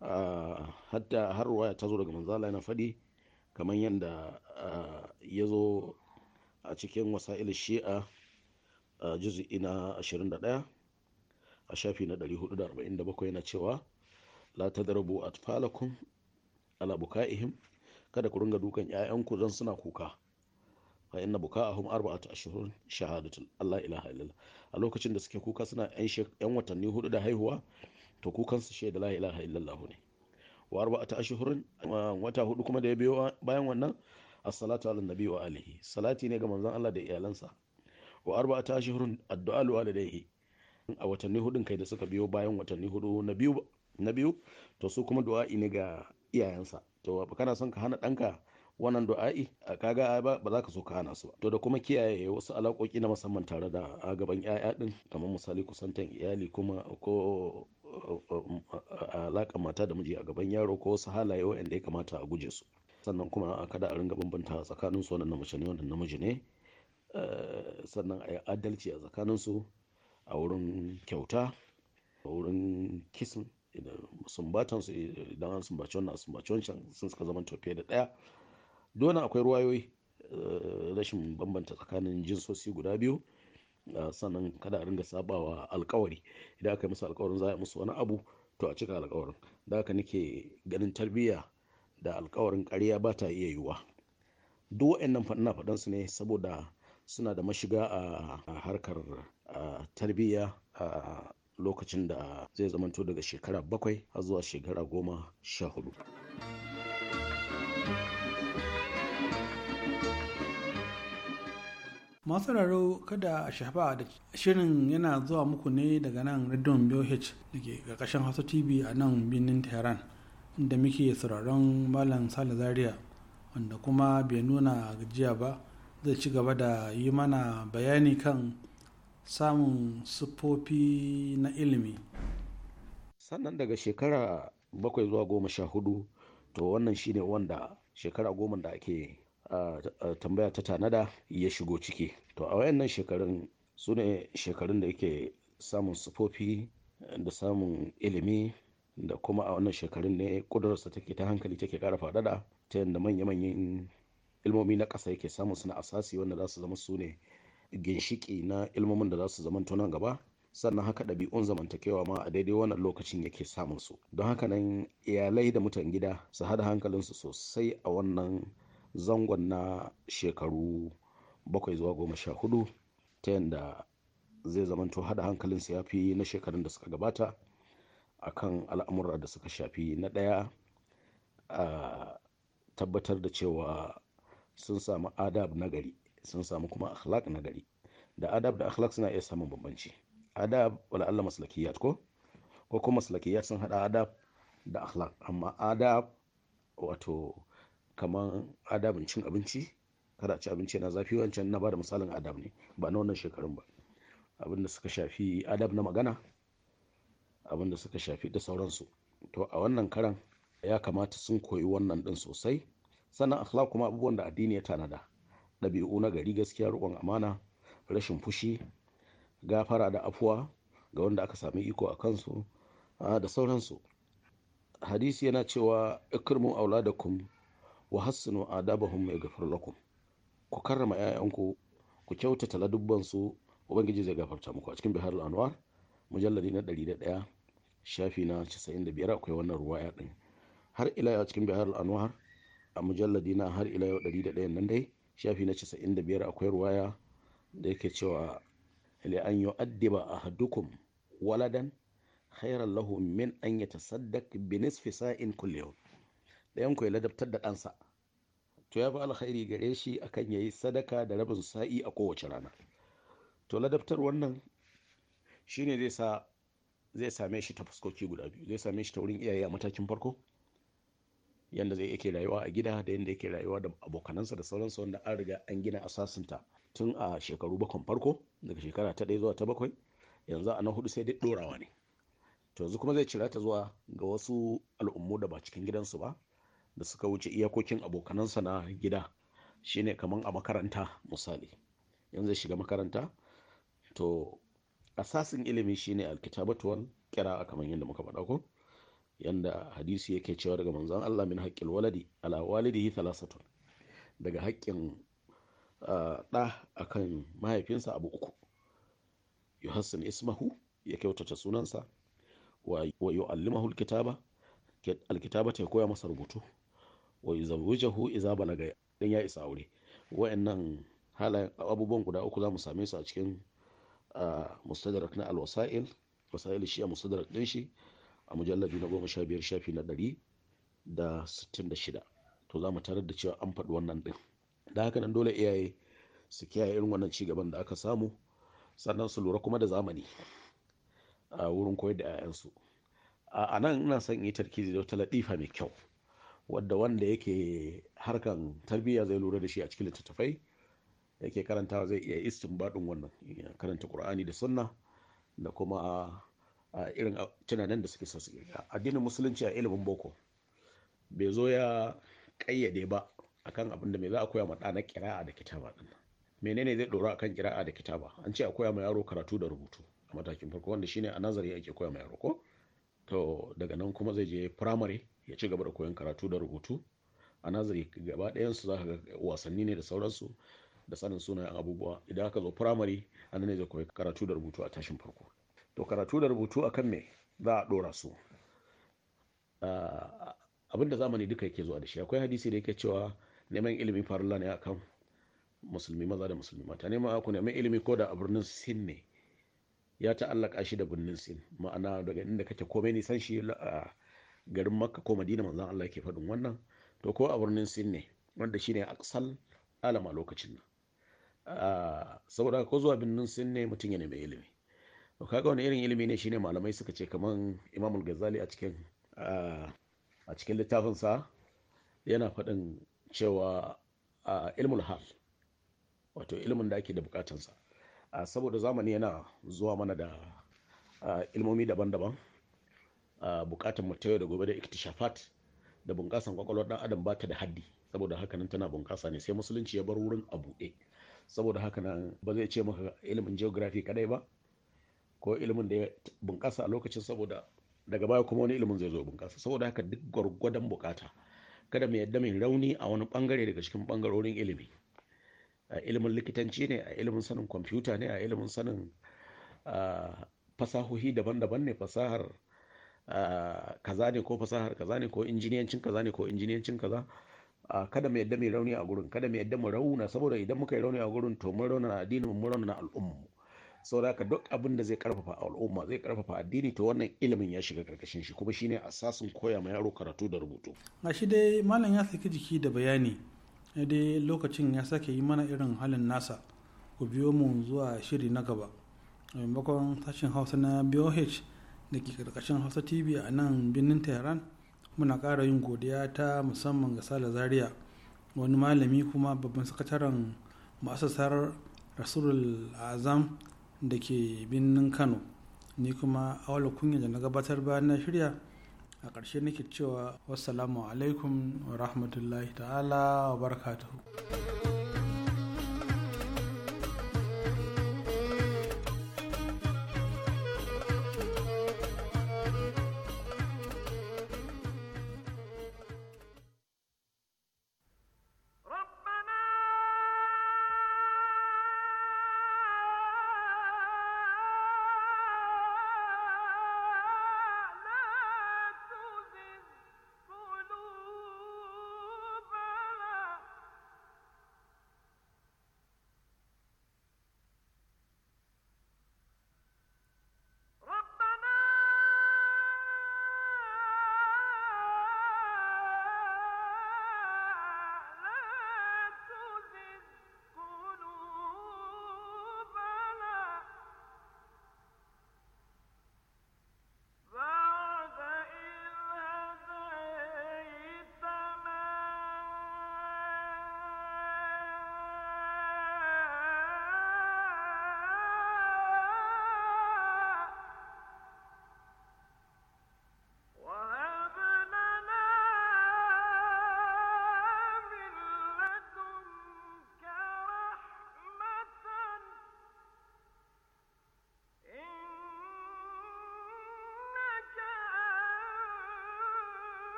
ah, hatta har ruwaya ta zo daga manzala na faɗi kamar yadda ah, ya zo a cikin wasa'il shi'a ah, juzu'i na 21 a shafi na 447 yana cewa la darabu a ala alabuka'ihim kada ku ringa dukan 'ya'yanku don suna kuka fa inna buka'ahum arba'atu ashhurun shahadatul Allah ilaha illallah a lokacin da suke kuka suna yan watanni hudu da haihuwa to kukan su shaida la ilaha illallah ne wa arba'atu ashhurun wata hudu kuma da ya biyo bayan wannan as-salatu ala nabi wa alihi salati ne ga manzon Allah da iyalansa wa arba'atu ashhurun addu'a li walidayhi a watanni hudun kai da suka biyo bayan watanni hudu na biyu na biyu to su kuma du'a'i ne ga iyayensa to kana son ka hana ɗanka wannan du'a'i a kaga ba za ka so ka hana su ba to da kuma kiyaye wasu alaƙoƙi na musamman tare da gaban 'ya'ya ɗin kamar misali kusantan iyali kuma ko alaƙa mata da miji a gaban yaro ko wasu halaye wanda ya kamata a guje su sannan kuma a kada a ringa bambanta tsakanin su wannan mace ne wannan namiji ne eh, sannan a yi adalci a tsakanin su a wurin kyauta a wurin kisan sumbatan su eh, idan an sumbaci wannan a sumbaci wancan sun suka zama tofe da ɗaya dole akwai ruwayoyi eh, rashin bambanta tsakanin jinsosi guda biyu ah, sannan kada a ringa sabawa alkawari idan aka yi musu alkawarin za a musu wani abu to a cika alkawarin da haka nake ganin tarbiyya da alkawarin ƙarya ba ta iya yiwuwa duk waɗannan faɗina faɗan su ne saboda suna da mashiga a harkar ah, tarbiyya ah, lokacin da zai zamanto daga shekara bakwai har zuwa shekara goma sha hudu. masu raro kada a shafa da shirin yana zuwa muku ne daga nan radon boh da ke ƙarƙashin hasu tv a nan birnin tehran inda muke sauraron malam sale zaria wanda kuma bai nuna gajiya ba zai ci gaba da yi mana bayani kan samun siffofi na ilimi sannan daga shekara bakwai zuwa goma sha hudu to wannan shine wanda shekara goma da ake tambaya ta tanada ya shigo ciki to a wayannan shekarun su ne shekarun da yake samun sufofi da samun ilimi da kuma a wannan shekarun ne kudurarsa take ta hankali take kara faɗaɗa ta yadda manya-manyan ilmomi na ƙasa yake samun suna asasi wanda za su zama su ne ginshiki na ilmomin da za su zamanto nan gaba sannan haka ɗabi'un zamantakewa ma a daidai wannan lokacin yake samun su don haka nan iyalai da mutan gida su hada hankalinsu sosai a wannan zangon na shekaru bakwai zuwa goma sha hudu ta yadda zai zamanto hada hankalinsu ya fi na shekarun da suka gabata a kan al'amura da suka shafi na ɗaya a tabbatar da cewa sun samu adab na gari sun samu kuma akhlaq na gari da adab da akhlaq suna iya samun bambanci adab wala Allah maslakiyat ko ko kuma maslakiyat sun hada adab da akhlaq amma adab wato kaman adabin cin abinci kada ci abinci na zafi wancan na bada misalin adab ne ba na wannan shekarun ba abin da suka shafi adab na magana abin da suka shafi da sauransu to a wannan karan ya kamata sun koyi wannan din sosai sannan akhlaq kuma abubuwan da addini ya tanada ɗabi'u na gari gaskiya riƙon amana rashin fushi gafara da afuwa ga wanda aka sami iko a kansu da sauransu hadisi yana cewa ikirmu auladakum wa a adabahum ya gafar lakum ku karrama 'ya'yanku ku kyautata ladubbansu ubangiji zai gafarta muku a cikin bihar anwar mujallari na 101 shafi na 95 akwai wannan ruwa ruwaya ɗin har ila yau a cikin bihar anwar a mujalladi na har ila yau 101 nan dai shafi na 95 akwai ruwaya da yake cewa li an a ahadukum waladan khairan lahu min an yatasaddaq bi nisfi sa'in kulli yawm ku ya ladabtar da ɗansa to ya fi alkhairi gare shi akan yayi sadaka da rabin sa'i a kowace rana to ladabtar wannan shine zai sa zai same shi ta fuskoki guda biyu zai same shi ta wurin iyaye a matakin farko Yanda zai yake rayuwa a gida da yadda yake rayuwa da abokanansa da sauransu wanda an riga an gina asasinta tun a shekaru bakon farko daga shekara ta ɗaya zuwa ta bakwai yanzu a na hudu sai dai ɗorawa ne to yanzu kuma zai cira ta zuwa ga wasu al'ummu da ba cikin gidansu ba da suka wuce iyakokin abokanansa na gida shine kamar a makaranta misali yanzu zai shiga makaranta to asasin ilimi shine alkitabatuwan kira kamar yadda muka faɗa ko yanda hadisi yake cewa daga manzan Allah min haƙƙin waladi ala walidihi talasatun daga haƙƙin ɗa kan mahaifinsa abu uku yuhassin ismahu ya kyautata sunansa wa yu'allimahu alkitaba alkitaba ta koya masa rubutu wa yuzawwijahu idza balaga dan ya isa aure wa'annan halayen abubuwan guda uku za mu same su a cikin mustadrak na alwasa'il wasa'il shi a mustadrak din shi a mujallabi na goma sha biyar shafi na ɗari da sittin da shida to za mu tarar da cewa an faɗi wannan ɗin da haka nan dole iyaye su kiyaye irin wannan ci cigaban da aka samu sannan su lura kuma da zamani a wurin koyar da 'ya'yansu a nan ina son yi tarkizi da wata latifa mai kyau wadda wanda yake harkan tarbiyya zai lura da shi a cikin littattafai yake karantawa zai iya baɗin wannan karanta qur'ani da sunna da kuma a irin tunanin da suke Ya addinin musulunci a ilimin boko bai zo ya kayyade ba akan abin da mai za a koya ma ɗa na kira'a da kitaba ɗin menene zai dora akan kira'a da kitaba an ce a koya ma yaro karatu da rubutu a matakin farko wanda shine a nazari ake koya ma yaro ko to daga nan kuma zai je firamare ya ci gaba da koyon karatu da rubutu a nazari gaba ɗayansu za ka ga wasanni ne da sauransu da sanin sunayen abubuwa idan aka zo firamare an ne zai koyi karatu da rubutu a tashin farko to karatu da rubutu akan me za a dora su abinda zamani duka yake zuwa da shi akwai hadisi da yake cewa neman ilimi farilla ne akan musulmi maza da musulmi mata neman aku neman ilimi ko da a birnin sin ne ya ta'allaka shi da birnin sin ma'ana daga inda kake komai nisan shi a garin makka ko madina manzan allah ke faɗin wannan to ko a birnin sin ne wanda shine aksal alama lokacin nan saboda ko zuwa birnin sin ne mutum ya nemi ilimi to kaga wani irin ilimi ne shine malamai suka ce kaman imamul ghazali a cikin a cikin littafinsa yana faɗin cewa ilmul hal wato ilimin da ake da bukatansa saboda zamani yana zuwa mana da ilmomi daban-daban bukatan da gobe da iktishafat da bunƙasan kwakwalwar dan adam bata da haddi saboda haka nan tana bunƙasa ne sai musulunci ya bar wurin a buɗe saboda haka nan ba zai ce maka ilimin geography kadai ba ko ilimin da ya bunƙasa a lokacin saboda daga baya kuma wani ilimin zai zo bunƙasa saboda haka duk gwargwadon bukata kada mu yadda mai rauni a wani bangare daga cikin bangarorin ilimi a ilimin likitanci ne a ilimin sanin kwamfuta ne a ilimin sanin fasahohi daban-daban ne fasahar kaza ne ko fasahar kaza ne ko injiniyancin kaza ne ko injiniyancin kaza kada mu yadda mai rauni a gurin kada mu yadda mu rauna saboda idan muka yi rauni a gurin to mun rauna addinin mu rauna al'ummu aka duk abin da zai karfafa al'umma zai karfafa addini ta wannan ilimin ya shiga karkashin shi kuma shine asasin koya ma yaro karatu da rubutu shi dai malam ya saki jiki da bayani dai lokacin ya sake yi mana irin halin nasa ku biyo mu zuwa shiri na gaba maimakon sashen hausa na boh da ke karkashin hausa tv a nan birnin tehran muna kara yin godiya ta musamman ga sala zaria wani malami kuma babban sakataren ma'asasar rasulul azam da ke birnin kano ni kuma awala kunya da na gabatar bayan na shirya a ƙarshe nake cewa wassalamu alaikum wa rahmatullahi ta'ala wa barakatuhu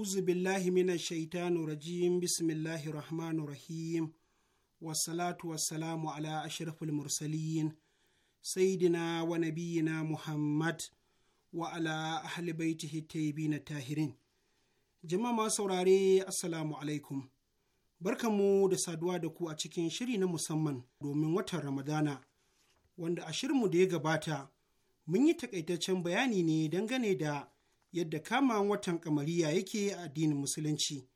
a'uzu billahi minash shaitanu rajim bismillahi rahmanu rahim wassalatu wassalamu ala ashrafil mursalin saidina wa nabiyina muhammad wa ala hita baitihi na tahirin jama'a ma saurare assalamu alaikum mu da saduwa da ku a cikin shiri na musamman domin watan ramadana wanda a shirinmu da ya gabata mun yi takaitaccen bayani ne dangane da yadda kama watan kamariya yake a addinin musulunci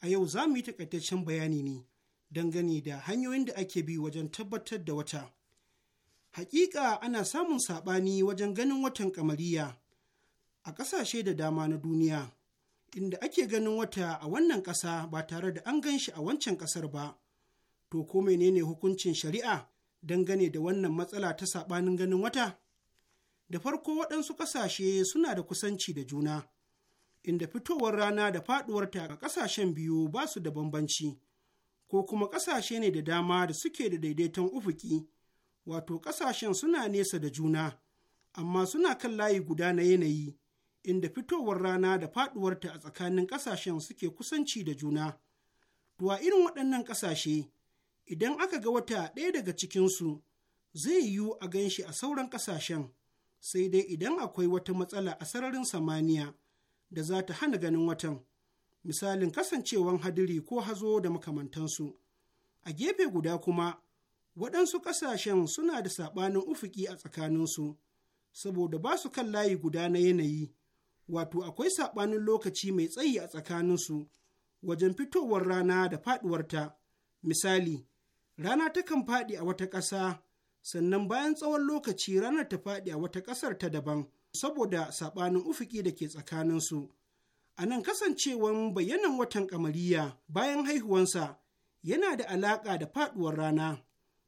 a yau za mu yi takaitaccen bayani ne dangane da hanyoyin da ake bi wajen tabbatar da wata hakika ana samun saɓani wajen ganin watan kamariya a ƙasashe da dama na duniya inda ake ganin wata a wannan ƙasa ba tare da an gan shi a wancan ƙasar ba to ko menene hukuncin shari'a dangane da wannan matsala ta saɓanin ganin wata da farko waɗansu ƙasashe suna da kusanci da juna, inda fitowar rana da faɗuwarta a ƙasashen biyu ba su da bambanci, ko kuma ƙasashe ne da dama da suke da daidaiton ufuki, wato ƙasashen suna nesa da juna, amma suna kan layi guda na yanayi, inda fitowar rana da faɗuwarta a tsakanin ƙasashen suke kusanci da juna. To a irin waɗannan ƙasashe, idan aka ga wata ɗaya daga cikinsu, zai yiwu a ganshi a sauran ƙasashen. sai dai idan akwai wata matsala a sararin samaniya da za ta hana ganin watan, misalin kasancewan hadiri ko hazo da makamantansu. A gefe guda kuma, waɗansu ƙasashen suna da saɓanin ufuki a tsakaninsu, saboda ba su kan layi guda na yanayi, wato akwai saɓanin lokaci mai tsayi a tsakaninsu wajen fitowar rana da faɗuwarta. Misali, rana takan faɗi a wata ƙasa sannan bayan tsawon lokaci ranar ta faɗi a wata ƙasar ta daban saboda saɓanin ufuki da ke tsakaninsu. A nan kasancewan bayanan watan kamariya bayan haihuwansa yana da alaƙa da faɗuwar rana,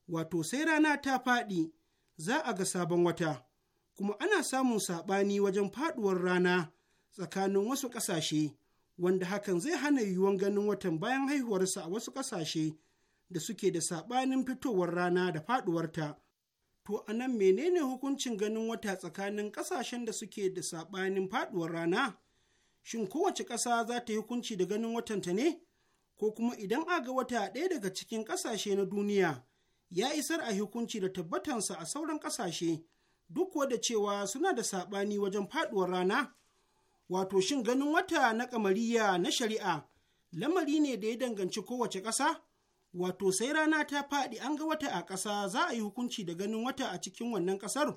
wato sai rana ta faɗi za a ga sabon wata, kuma ana samun saɓani wajen faɗuwar rana tsakanin wasu ƙasashe, wanda hakan zai hana yiwuwan ganin watan bayan haihuwarsa a wasu ƙasashe da suke da saɓanin fitowar rana da faɗuwarta. To a nan menene hukuncin ganin wata tsakanin ƙasashen da suke da saɓanin faɗuwar rana? Shin kowace ƙasa za ta yi hukunci da ganin watanta ne? Ko kuma idan a ga wata ɗaya daga cikin ƙasashe na duniya ya isar a hukunci da tabbatansa a sauran ƙasashe duk da cewa suna da saɓani wajen faɗuwar rana? Wato shin ganin wata na kamariya na shari'a lamari ne da ya danganci kowace ƙasa? wato sai rana ta faɗi an ga wata a ƙasa za a yi hukunci da ganin wata a cikin wannan ƙasar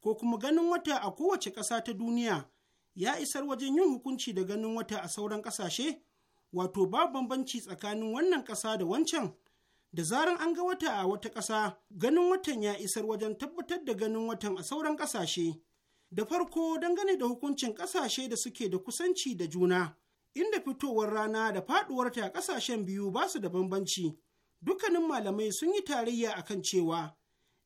ko kuma ganin wata a kowace ƙasa ta duniya ya isar wajen yin hukunci da ganin wata a sauran ƙasashe wato ba bambanci tsakanin wannan ƙasa da wancan da zaran an ga wata a wata ƙasa ganin watan ya isar wajen tabbatar da ganin watan a sauran ƙasashe da farko dangane da hukuncin ƙasashe da suke da kusanci da juna inda fitowar rana da faduwarta a ƙasashen biyu ba su da bambanci dukkanin malamai sun yi tarayya akan cewa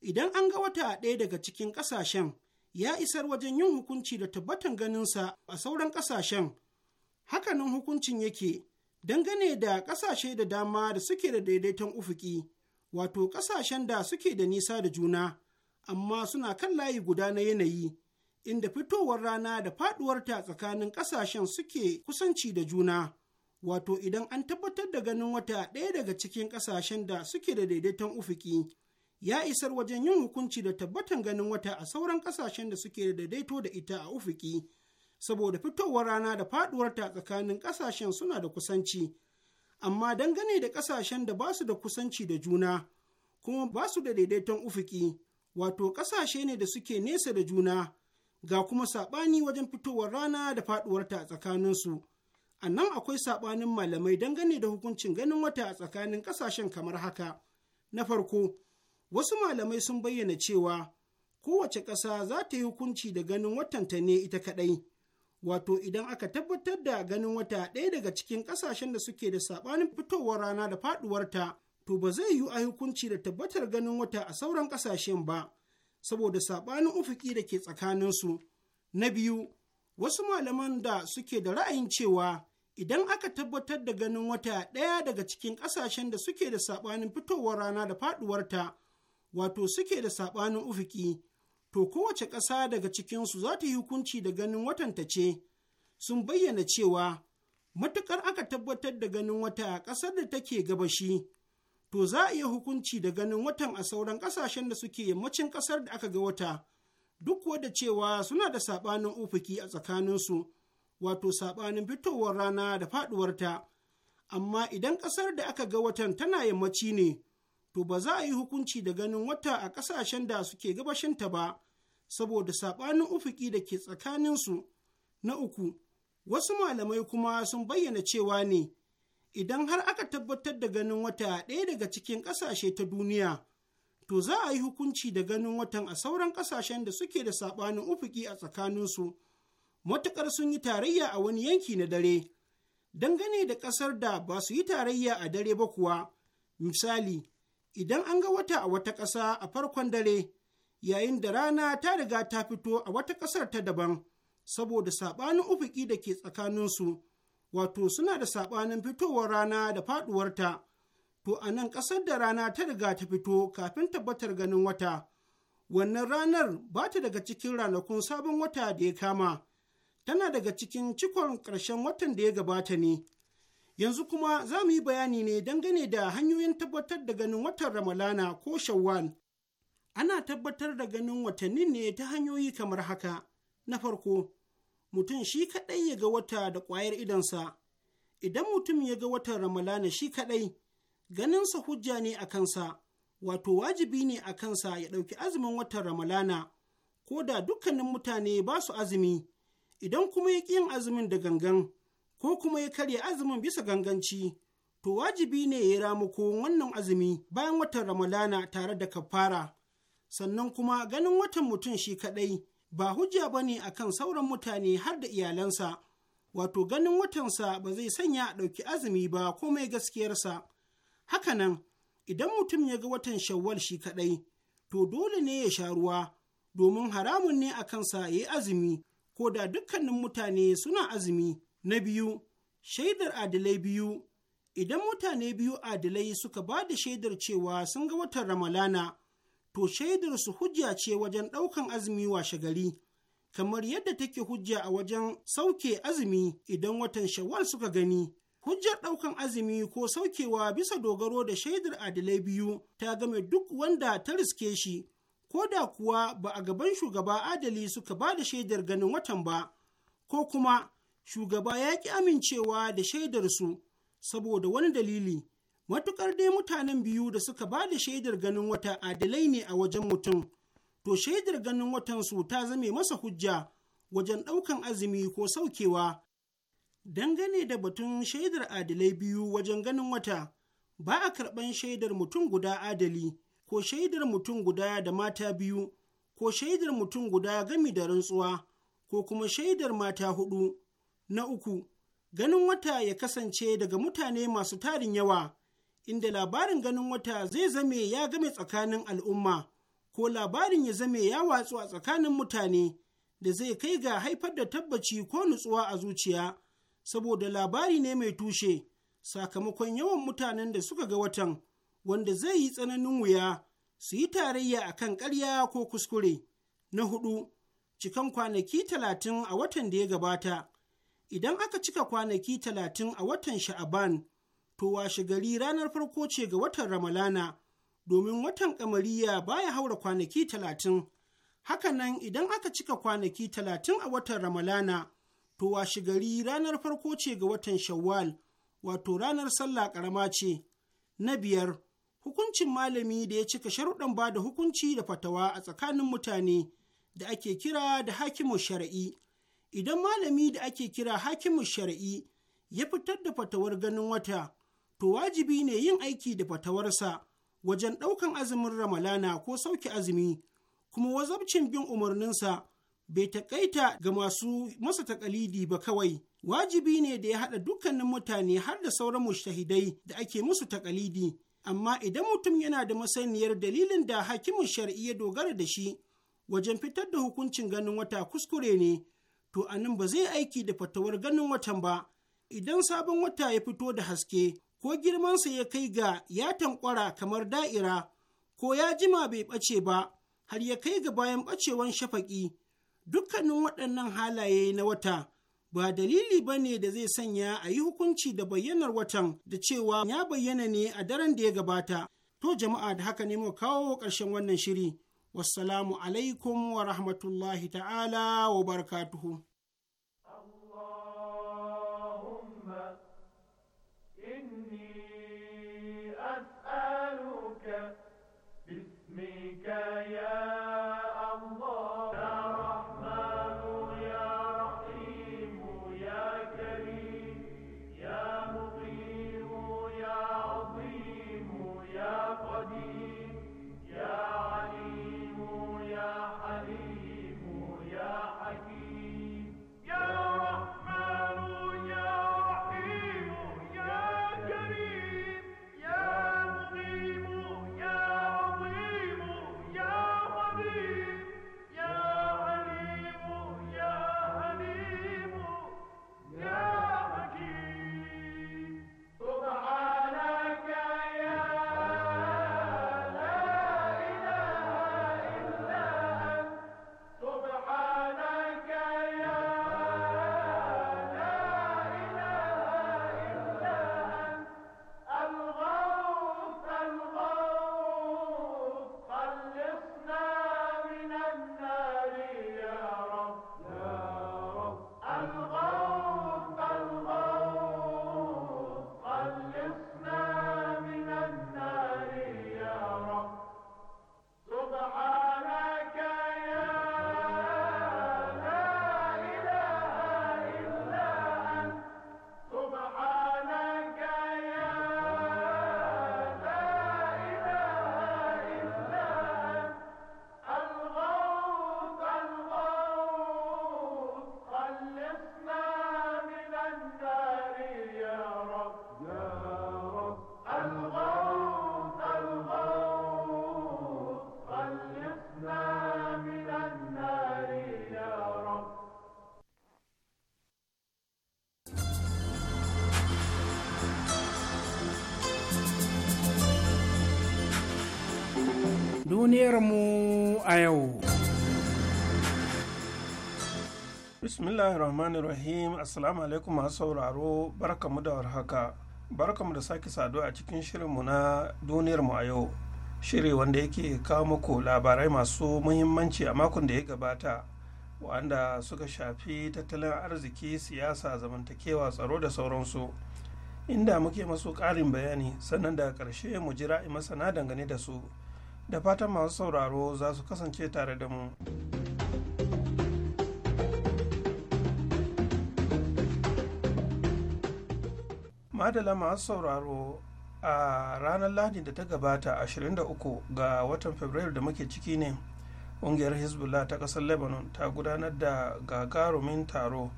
idan an ga wata ɗaya daga cikin ƙasashen ya isar wajen yin hukunci da tabbatan ganinsa a sauran ƙasashen hakanan hukuncin yake dangane da ƙasashe da dama da suke da daidaiton ufuki wato ƙasashen da suke da nisa da juna amma suna kan layi guda na yanayi inda fitowar rana da faduwarta tsakanin ƙasashen suke kusanci da juna. Wato idan an tabbatar da ganin wata ɗaya daga cikin ƙasashen da suke da daidaiton ufuki, ya isar wajen yin hukunci da tabbatan ganin wata a sauran ƙasashen da suke da daidaito da ita a ufuki. Saboda fitowar rana da faduwarta tsakanin ƙasashen suna da kusanci, amma dangane da ƙasashen da ba su da kusanci da juna, kuma ba su da daidaiton ufuki, wato ƙasashe ne da suke nesa da juna. ga kuma saɓani wajen fitowar rana da faɗuwarta a tsakaninsu. A nan akwai saɓanin malamai dangane da hukuncin ganin wata a tsakanin ƙasashen kamar haka. Na farko, wasu malamai sun bayyana cewa kowace ƙasa za ta yi hukunci da ganin watanta ne ita kaɗai. Wato idan aka tabbatar da ganin wata ɗaya daga cikin ƙasashen da suke da saɓanin fitowar rana da faɗuwarta, to ba zai yiwu a hukunci da tabbatar ganin wata a sauran ƙasashen ba. saboda saɓanin ufuki da ke tsakaninsu. Na biyu, wasu malaman da suke da ra'ayin cewa idan aka tabbatar da ganin wata ɗaya daga cikin ƙasashen da suke da saɓanin fitowar rana da faɗuwarta, wato suke da saɓanin ufuki, to kowace ƙasa daga cikinsu za ta yi hukunci da ganin watanta ce, sun bayyana cewa matuƙar aka tabbatar da ganin wata ƙasar da take gabashi, to za a iya hukunci da ganin watan a sauran ƙasashen da suke yammacin ƙasar da aka ga wata, duk da cewa suna da saɓanin ufuki a tsakaninsu, wato saɓanin fitowar rana da faɗuwarta. Amma idan ƙasar da aka ga watan tana yammaci ne, to ba za a yi hukunci da ganin wata a ƙasashen da suke gabashinta ba, saboda saɓanin ufuki da ke tsakaninsu. Na uku, wasu malamai kuma sun bayyana cewa ne, idan har aka tabbatar da ganin wata ɗaya daga cikin ƙasashe ta duniya to za a yi hukunci da ganin watan a sauran ƙasashen da suke da saɓanin ufuki a tsakaninsu matuƙar sun yi tarayya a wani yanki na dare dangane da ƙasar da ba su yi tarayya a dare ba kuwa misali idan an ga wata a wata ƙasa a farkon dare yayin da rana ta riga ta fito a wata ƙasar ta daban saboda saɓanin ufuki da ke tsakaninsu wato suna da saɓanin fitowar rana da faɗuwarta, to a nan ƙasar da rana ta riga ta fito kafin tabbatar ganin wata, wannan ranar ba ta daga cikin ranakun sabon wata da ya kama, tana daga cikin cikon ƙarshen watan da ya gabata ne. Yanzu kuma za mu yi bayani ne dangane da hanyoyin tabbatar da ganin watan Ramalana ko Shawwal. Ana tabbatar da ganin watannin ne ta hanyoyi kamar haka. Na farko, mutum shi kaɗai ya ga wata da ƙwayar idansa, idan mutum ya ga watan Ramalana shi kaɗai, ganinsa hujja ne a kansa, wato wajibi ne a kansa ya ɗauki azumin watan Ramalana, ko da dukkanin mutane ba su azumi, idan kuma ya yin azumin da gangan, ko kuma ya karya azumin bisa ganganci, to wajibi ne ya ramuko wannan azumi bayan watan Ramalana tare da kafara. Sannan kuma ganin watan mutum shi kaɗai ba hujja ba ne a kan sauran mutane har da iyalansa, wato ganin watansa ba zai sanya a ɗauki azumi ba ko mai gaskiyarsa. Hakanan, idan mutum ya ga watan shawwal shi kaɗai, to dole ne ya sha ruwa, domin haramun ne a kansa ya yi azumi, ko da dukkanin mutane suna azumi. Na biyu, shaidar adilai biyu, idan mutane biyu adilai suka ba da shaidar cewa sun ga watan Ramalana, to shaidarsu hujja ce wajen ɗaukan azumi washe gari, kamar yadda take hujja a wajen sauke azumi idan watan shawal suka gani. Hujjar ɗaukan azumi ko saukewa bisa dogaro da shaidar adalai biyu ta game duk wanda ta riske shi, ko da kuwa ba a gaban shugaba adali suka ba da shaidar ganin watan ba, ko kuma shugaba ya ƙi amincewa da shaidarsu saboda wani dalili. Matuƙar dai mutanen biyu da suka ba da shaidar ganin wata adalai ne a wajen mutum, to shaidar ganin watansu ta zame masa hujja wajen ɗaukan azumi ko saukewa. Dangane da batun shaidar adalai biyu wajen ganin wata, ba a karɓan shaidar mutum guda adali, ko shaidar mutum guda da mata biyu, ko shaidar mutum guda gami da rantsuwa, ko kuma shaidar mata hudu. Na uku, ganin wata ya kasance daga mutane masu tarin yawa. inda labarin ganin wata zai zame ya game tsakanin al'umma ko labarin ya zame ya watsu a tsakanin mutane da zai kai ga haifar da tabbaci ko nutsuwa a zuciya saboda labari ne mai tushe sakamakon yawan mutanen da suka ga watan wanda zai yi tsananin wuya su yi tarayya a kan ƙarya ko kuskure na hudu cikan kwanaki talatin a watan da ya gabata idan aka cika kwanaki talatin a watan sha'aban to washe gari ranar farko ce ga watan Ramalana, domin watan kamariya baya haura kwanaki talatin. nan idan aka cika kwanaki talatin a watan Ramalana, to washe gari ranar farko ce ga watan Shawwal, wato ranar sallah karama ce. Na biyar, hukuncin malami da ya cika sharuɗan ba da hukunci da fatawa a tsakanin mutane da ake kira da hakimu shari'i. Idan malami da ake kira hakimu shari'i ya fitar da fatawar ganin wata, to wajibi ne yin aiki da fatawarsa wajen ɗaukan azumin ramalana ko sauke azumi kuma wazabcin bin umarninsa bai takaita ga masu masa takalidi ba kawai wajibi ne da ya haɗa dukkanin mutane har da sauran mushtahidai da ake musu takalidi amma idan mutum yana da masaniyar dalilin da hakimin shar'i ya dogara da shi wajen fitar da hukuncin ganin wata kuskure ne to anan ba zai aiki da fatawar ganin watan ba idan sabon wata ya fito da haske ko girmansa ya kai ga ya tankwara kamar da'ira ko ya jima bai ɓace ba har ya kai ga bayan ɓacewan shafaƙi dukkanin waɗannan halaye na wata ba dalili ba ne da zai sanya a yi hukunci da bayyanar watan da cewa ya bayyana ne a daren da ya gabata to jama'a da haka ne mu kawo ƙarshen wannan shiri wassalamu alaikum wa rahmatullahi ta'ala wa barakatuhu باسمك يا mu a yau. rahim Assalamu alaikum masu sauraro barkamu da warhaka. Barkamu da sake saduwa a cikin shirin shirinmu na duniyarmu a yau. Shiri wanda yake kawo muku labarai masu muhimmanci a makon da ya gabata, wanda suka shafi tattalin arziki, siyasa, zamantakewa, tsaro da sauransu. Inda muke masu ƙarin bayani sannan daga ƙarshe mu jira masana dangane da su. da fatan masu sauraro za su kasance tare da mu. madala masu sauraro a ranar lahadi da ta gabata 23 ga watan fabrairu da muke ciki ne ƙungiyar hezbollah ta ƙasar lebanon ta gudanar da gagarumin taro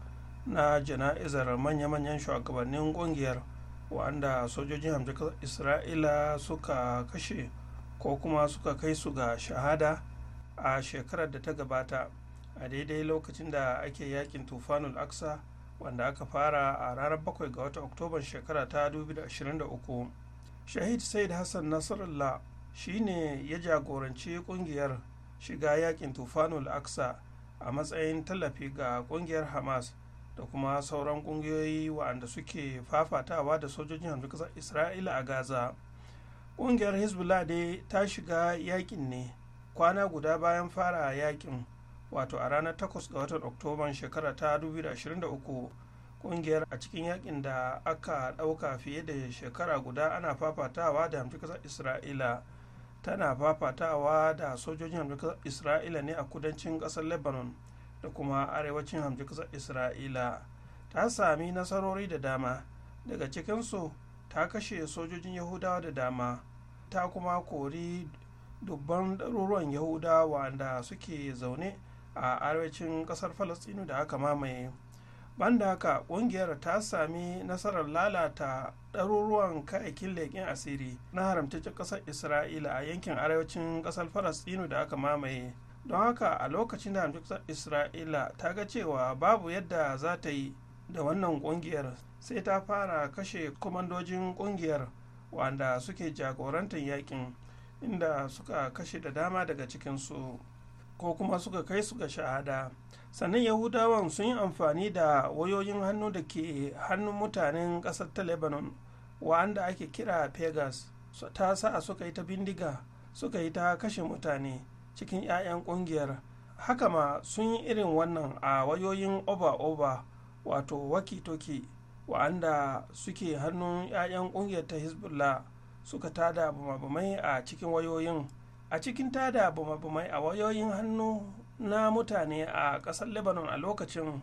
na jana'izar manya-manyan shugabannin ƙungiyar wa'anda sojojin hamdukar isra'ila suka kashe ko kuma suka kai su ga shahada a shekarar da ta gabata a daidai lokacin da ake yakin tufanul aksa wanda aka fara a ranar bakwai ga wata oktoban shekara ta 2023 shahid said hassan nasarallah shine ya jagoranci kungiyar shiga yakin tufanul aksa a matsayin tallafi ga kungiyar hamas da kuma sauran kungiyoyi waɗanda suke fafatawa da sojojin hamdukasar isra'ila a gaza ƙungiyar hezbollah dai ta shiga yakin ne kwana guda bayan fara yakin wato a ranar 8 ga watan oktoban shekara ta 2023 ƙungiyar a cikin yakin da aka ɗauka fiye da shekara guda ana fafatawa da hamfi ƙasar isra'ila tana fafatawa da sojojin hamfi ƙasar isra'ila ne a kudancin ƙasar lebanon da kuma arewacin hamfi ƙasar isra'ila ta sami nasarori da dama daga cikinsu ta kashe sojojin yahudawa da dama ta kuma kori dubban ɗaruruwan yahuda wanda suke zaune a arewacin ƙasar falastinu da aka mamaye banda haka ƙungiyar ta sami nasarar lalata ɗaruruwan kayakin leƙin asiri na haramtaccen ƙasar isra'ila a yankin arewacin ƙasar falastinu da aka mamaye don haka a lokacin da haramtaccen isra'ila ta ga cewa babu yadda za ta yi da wannan ƙungiyar sai ta fara kashe kwamandojin ƙungiyar wanda suke jagorantar yakin inda suka kashe da dama daga cikinsu ko kuma suka kai su ga shahada sannan yahudawan sun yi amfani da wayoyin hannu da ke hannun mutanen ƙasar ta lebanon wanda ake kira pegas ta sa suka yi ta bindiga suka yi ta kashe mutane cikin 'ya'yan ƙungiyar haka ma sun yi irin wannan a wayoyin oba-oba wato waki-toki wa'anda suke hannun 'ya'yan ƙungiyar ta hezbollah suka tada bumabumai a cikin wayoyin a cikin tada bumabumai a wayoyin hannu na mutane a ƙasar lebanon a lokacin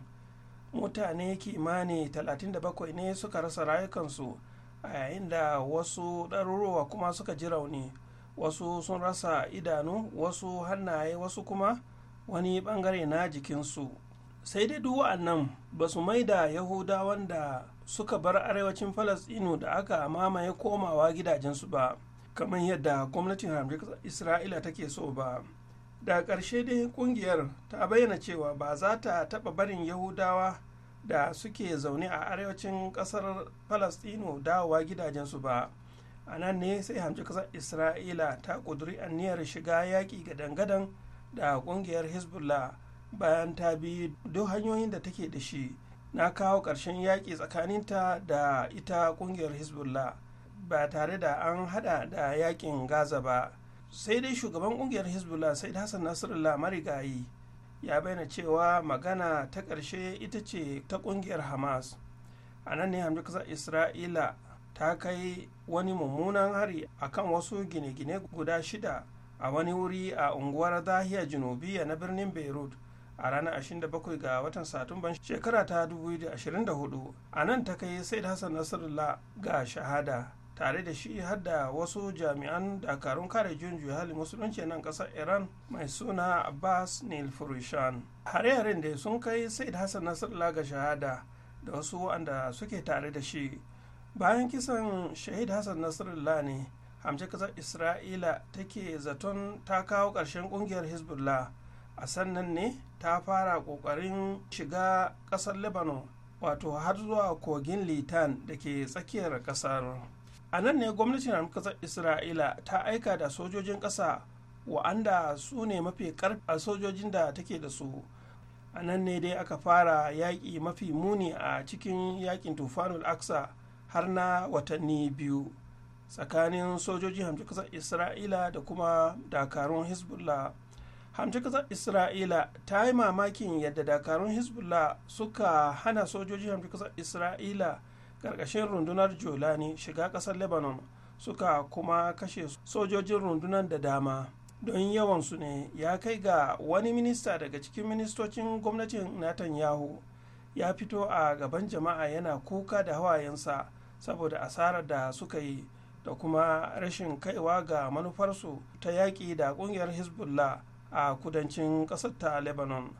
mutane kimani 37 ne suka rasa rayukansu a yayin da wasu ɗaruruwa kuma suka ji rauni wasu sun rasa idanu wasu hannaye wasu kuma wani ɓangare na jikinsu sai dai duk nan ba su mai da yahudawan da suka bar arewacin falasɗinu da aka mamaye komawa gidajensu ba kamar yadda gwamnatin isra'ila take so ba da ƙarshe dai ƙungiyar ta bayyana cewa ba za ta taɓa barin yahudawa da suke zaune a arewacin ƙasar falasɗinu dawowa gidajensu ba a nan ne sai hamci ƙasar isra'ila ta ƙuduri aniyar shiga yaƙi gadan-gadan da ƙungiyar hezbollah bayan ta bi duk hanyoyin da take da shi na kawo ƙarshen yaƙi tsakaninta da ita ƙungiyar hezbollah ba tare da an hada da yaƙin gaza ba sai dai shugaban ƙungiyar hezbollah sai hassan nasrullah marigayi ya bayyana cewa magana ta ƙarshe ita ce ta ƙungiyar hamas a nan ne hamdukasar isra'ila ta kai wani mummunan hari akan wasu gine-gine guda shida a wani wuri a unguwar zahiya junubiya na birnin beirut a ranar 27 ga watan satumban shekara ta 2024 a nan ta kai said hassan nasarullah ga shahada tare da shi har wasu jami'an dakarun kare juyin juya hali musulunci nan kasar iran mai suna abbas neil furushan hare-haren da sun kai said hassan nasarullah ga shahada da wasu wanda suke tare da shi bayan kisan shahid hassan nasarullah ne hamshe kasar isra'ila take zaton ta kawo ƙarshen ƙungiyar hezbollah a sannan ne ta fara ƙoƙarin shiga ƙasar lebanon wato har zuwa kogin litan da ke tsakiyar ƙasar a nan ne gwamnatin ƙasar isra'ila ta aika da sojojin ƙasa wa'anda su ne mafi ƙarfi a sojojin da take da su a nan ne dai aka fara yaƙi mafi muni a cikin yaƙin tufanul aksa har na watanni biyu tsakanin sojoji hamshin ƙasar isra'ila da kuma dakarun hezbollah hamci kasar isra'ila ta yi mamakin yadda dakarun hezbollah suka hana sojoji hamci kasar isra'ila ƙarƙashin rundunar jolani shiga ƙasar lebanon suka kuma kashe sojojin rundunar da dama don yawansu ne ya kai ga wani minista daga cikin ministocin gwamnatin netanyahu ya fito a gaban jama'a yana kuka da hawayensa saboda asarar da suka yi da kuma rashin kaiwa ga manufarsu ta yaƙi da ƙungiyar hezbollah a kudancin ƙasar ta lebanon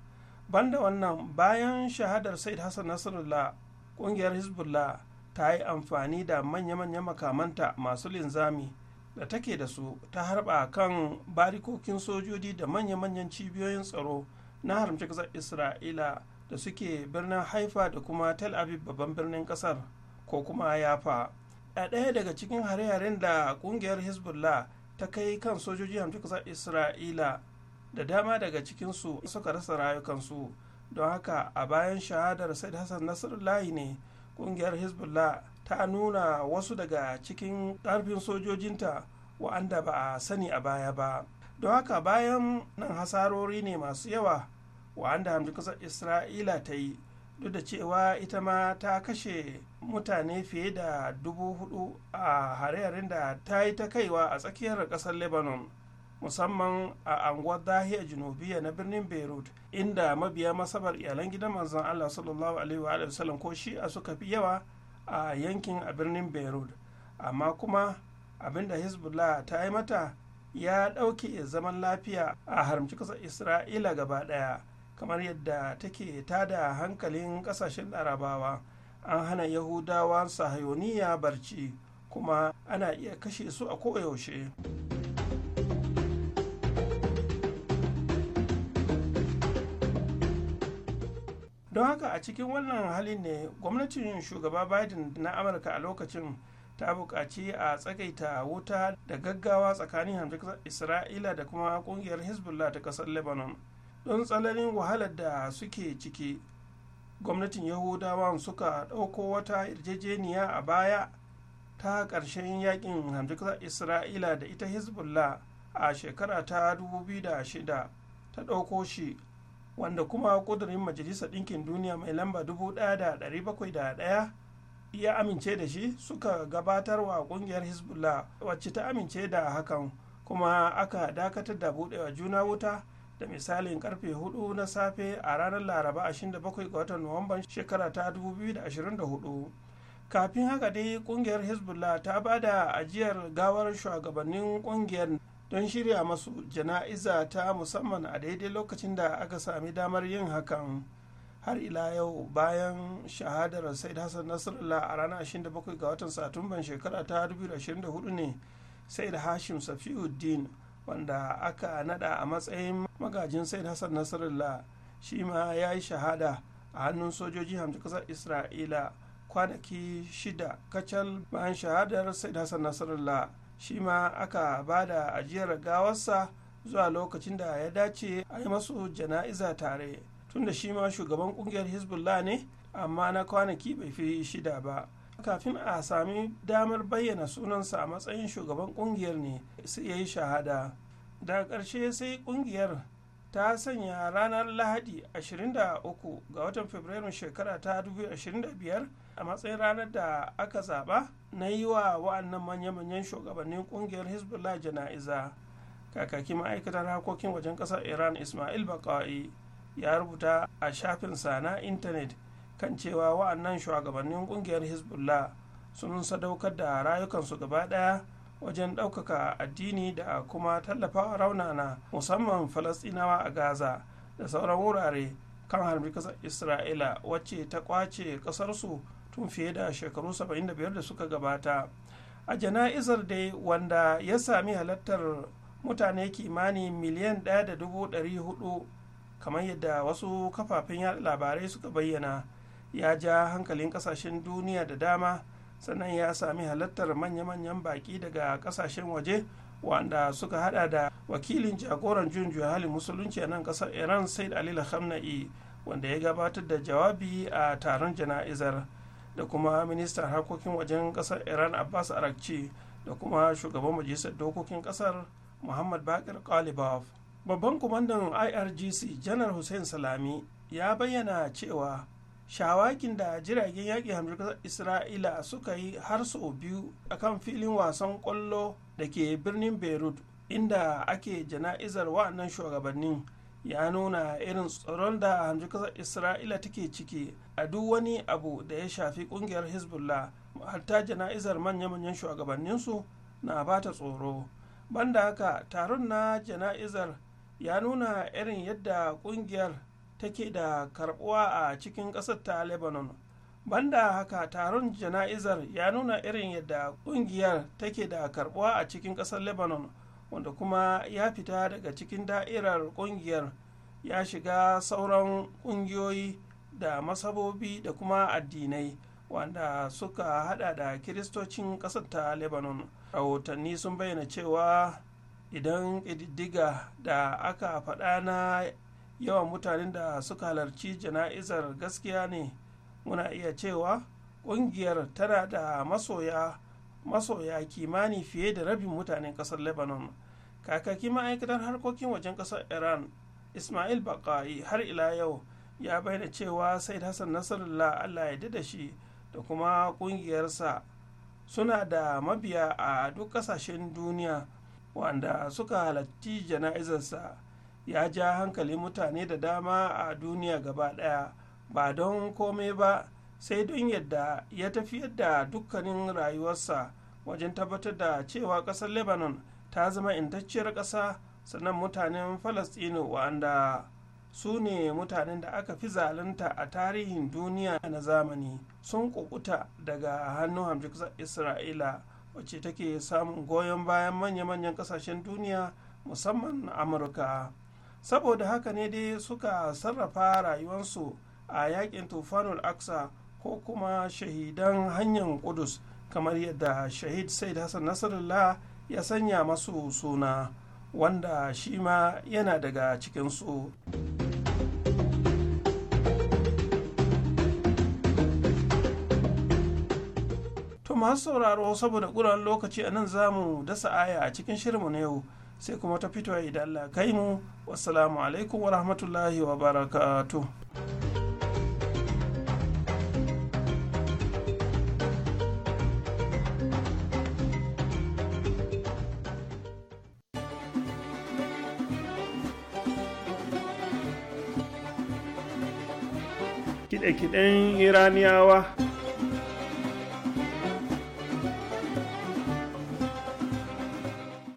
banda wannan bayan shahadar said hassan nasrallah ƙungiyar hezbollah ta yi amfani da manya manya makamanta masu linzami da take da su ta harba kan barikokin sojoji da manya-manyan cibiyoyin tsaro na haramci ƙasar isra'ila da suke birnin haifa da kuma tel aviv babban birnin ƙasar ko kuma yafa a ɗaya daga cikin hare-haren da ƙungiyar hezbollah ta kai kan sojoji haramci ƙasar isra'ila da dama daga cikinsu suka rasa rayukansu don haka a bayan shahadar said hassan nasrullahi ne kungiyar hezbollah ta nuna wasu daga cikin ƙarfin sojojinta wa'anda ba a sani a baya ba don haka bayan nan hasarori ne masu yawa wa'anda hamdu kasar isra'ila ta yi duk da cewa ita ma ta kashe mutane fiye da dubu hudu a hare da ta yi ta kaiwa a tsakiyar ƙasar lebanon musamman a anguwar dahiya junubiya na birnin beirut inda mabiya masabar iyalan gidan manzon allah sallallahu alaihi wa sallam ko shi a suka fi yawa a yankin a birnin beirut amma kuma abinda hezbollah ta yi mata ya ɗauke zaman lafiya a haramci kasa isra'ila gaba ɗaya kamar yadda take tada hankalin ƙasashen larabawa an hana yahudawa sahayoniya barci kuma ana iya kashe su a koyaushe. don haka a cikin wannan halin ne gwamnatin shugaba biden na amurka a lokacin ta buƙaci a tsakaita wuta da gaggawa tsakanin hamdik isra'ila da kuma ƙungiyar hezbollah ta ƙasar lebanon don tsananin wahalar da suke ciki gwamnatin yahudawa suka ɗauko wata yarjejeniya a baya ta ƙarshen yakin hamdik isra'ila da ita hezbollah a shekara ta 2006 ta ɗauko shi wanda kuma ƙudurin majalisar ɗinkin duniya mai lamba 1701 ya amince da shi suka gabatar wa ƙungiyar hezbollah wacce ta amince da hakan kuma aka dakatar da buɗewa juna wuta da misalin karfe 4 na safe a ranar laraba 27 ga watan nuwamban shekara ta 2024 kafin haka dai kungiyar hezbollah ta bada ajiyar gawar shugabannin kungiyar don shirya masu jana'iza ta musamman a daidai lokacin da aka sami damar yin hakan har ila yau bayan shahadar said hassan nasrallah a ranar 27 ga watan satumban shekara ta 2024 ne said hashim safiuddin wanda aka nada a matsayin magajin said hassan nasrallah shi ma ya yi shahada a hannun sojoji hamsin kasar isra'ila kwanaki shida kacal bayan shahadar said hassan nasrallah shi ma aka ba da ajiyar gawarsa zuwa lokacin da ya dace a yi masu jana'iza tare Tun da shi ma shugaban kungiyar hezbollah ne amma na kwanaki bai fi shida ba kafin a sami damar bayyana sunansa a matsayin shugaban kungiyar ne sai ya yi shahada daga ƙarshe sai kungiyar ta sanya ranar lahadi 23 ga watan fabrairun shekara ta 2025 a matsayin ranar da aka zaɓa na yi wa wa'annan manya-manyan shugabannin ƙungiyar hezbollah jana'iza kakakin ma'aikatar harkokin wajen ƙasar iran ismail bakawai ya rubuta a shafin sa na intanet kan cewa wa'annan shugabannin ƙungiyar hezbollah sun sadaukar da rayukansu gaba ɗaya wajen ɗaukaka addini da kuma tallafawa raunana musamman falastinawa a gaza da sauran wurare kan harbi ƙasar isra'ila wacce ta kwace ƙasarsu tun fiye da shekaru 75 da suka gabata a jana'izar dai wanda ya sami halartar mutane kimanin miliyan 1.400 kamar yadda wasu kafafen yada labarai suka bayyana ya ja hankalin kasashen duniya da dama sannan ya sami halartar manya-manyan baki daga kasashen waje wanda suka hada da wakilin jagoran junju halin musulunci a nan kasar iran said ali khamna'i wanda ya gabatar da jawabi a taron jana'izar da kuma ministan harkokin wajen kasar iran abbas arakci da kuma shugaban majalisar dokokin kasar muhammad bakir kalibaf babban kumandan irgc janar hussein salami ya bayyana cewa shawakin da jiragen yaƙi hamdulkar isra'ila suka yi har sau biyu a kan filin wasan kwallo da ke birnin beirut inda ake jana'izar wa'annan shugabannin ya nuna irin tsoron da hamji kasar isra'ila take ciki a duk wani abu da ya shafi kungiyar hezbollah hatta jana'izar manyan manyan shugabanninsu na bata tsoro banda haka taron na jana'izar ya nuna irin yadda kungiyar take da karbuwa a cikin ƙasar ta lebanon banda haka taron jana'izar ya nuna irin yadda kungiyar take da karbuwa a cikin ƙasar lebanon wanda kuma ya fita daga cikin da'irar kungiyar ya shiga sauran kungiyoyi da masabobi da kuma addinai wanda suka hada da kiristocin kasar ta lebanon rahotanni sun bayyana cewa idan ƙididdiga da aka faɗa na yawan mutanen da suka halarci jana'izar gaskiya ne muna iya cewa ƙungiyar tana da masoya masoya kimani fiye da rabin mutanen ƙasar lebanon kakaki ma'aikatar harkokin wajen ƙasar iran ismail baƙa'i har ila yau ya bayyana cewa said hassan nasarullah allah ya da shi da kuma ƙungiyarsa suna da mabiya a duk ƙasashen duniya wanda suka halatti jana'izarsa ya ja hankalin mutane da dama a duniya gaba daya ba don komai ba sai don yadda ya tafiyar da dukkanin rayuwarsa wajen tabbatar da cewa ƙasar lebanon ta zama intacciyar ƙasa sannan mutanen falastino wa'anda su ne mutanen da aka fi zalunta a tarihin duniya na zamani sun kukuta daga hannun hamjiksa isra'ila wacce take samun goyon bayan manya-manyan kasashen duniya musamman amurka saboda haka ne dai suka sarrafa rayuwarsu a yakin tufanul aksa ko kuma shahidan hanyar kudus kamar yadda shahid said hassan nasarullah ya sanya masu suna wanda shi ma yana daga cikinsu to masu sauraro saboda ƙuran lokaci a nan za mu dasa aya a cikin shirinmu na yau sai kuma ta fito idan Allah kai mu wasu alaikum wa rahmatullahi wa barakatuh kiɗe-kiɗen iraniyawa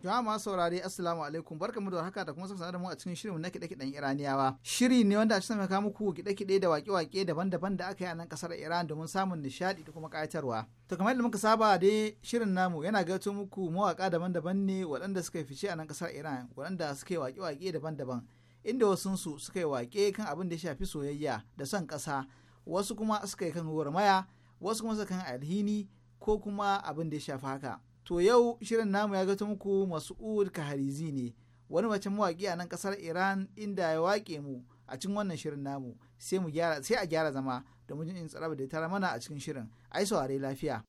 jama'a saurari saurare assalamu alaikum mu da haka da kuma sanar da mu a cikin shirin na kiɗe-kiɗen iraniyawa shiri ne wanda a cikin ka muku kiɗe-kiɗe da waƙe-waƙe daban-daban da aka yi a nan ƙasar iran domin samun nishaɗi da kuma ƙayatarwa to kamar yadda muka saba dai shirin namu yana gato muku mawaƙa daban-daban ne waɗanda suka yi fice a nan ƙasar iran waɗanda suka yi waƙe-waƙe daban-daban inda wasunsu suka yi waƙe kan abin da ya shafi soyayya da son ƙasa wasu kuma suka yi kan gwarmaya wasu kuma suka kan alhini ko kuma abin da ya shafi haka to yau shirin namu ya gato muku mas'ud kaharizi ne wani mace mawaƙi a nan ƙasar iran inda ya waƙe mu a cikin wannan shirin namu sai a gyara zama domin jin tsaraba da ya tara mana a cikin shirin ai saurare lafiya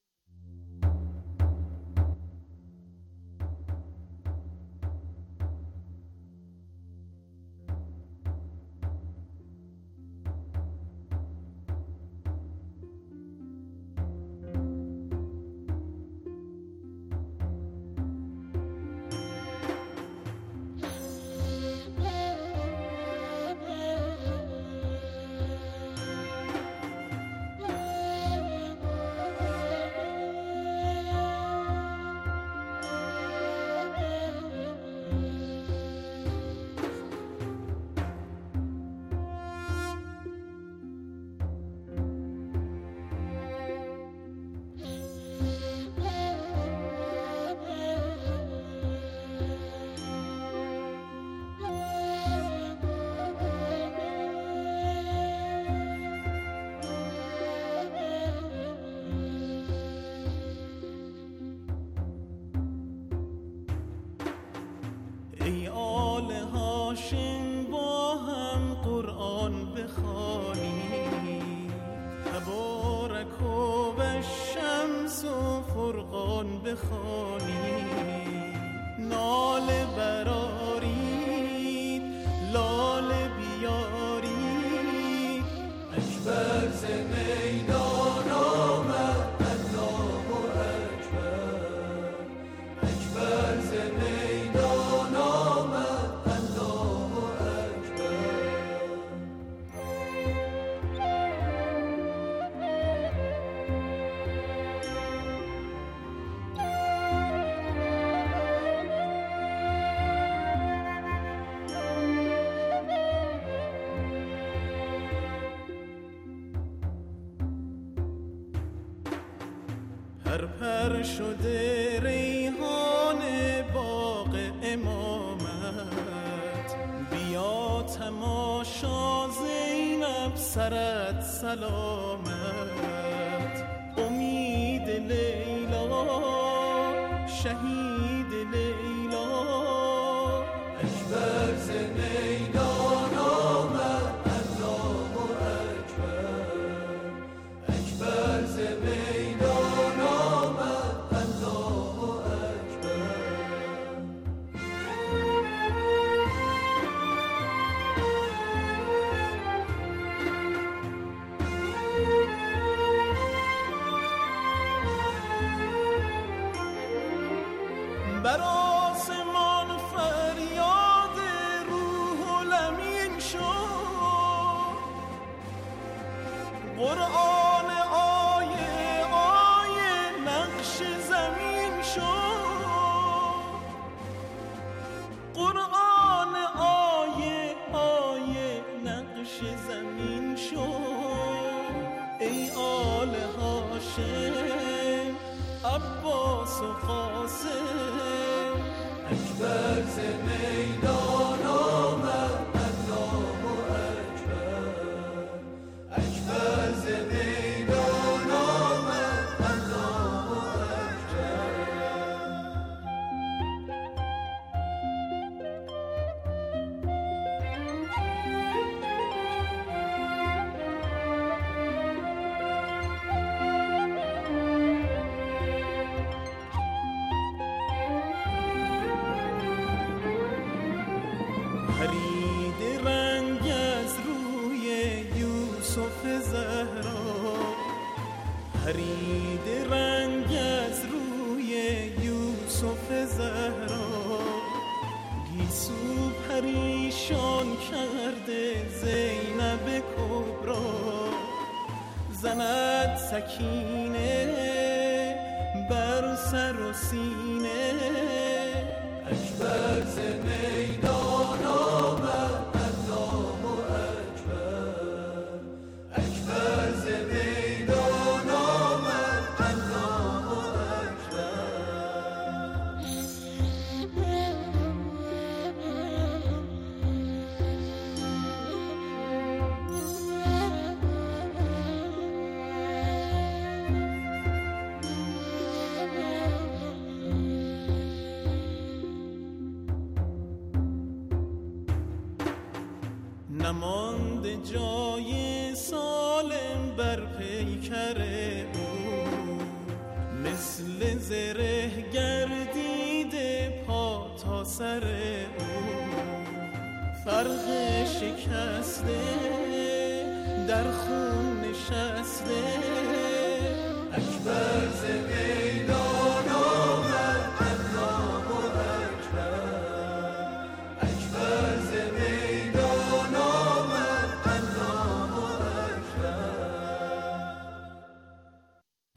joy.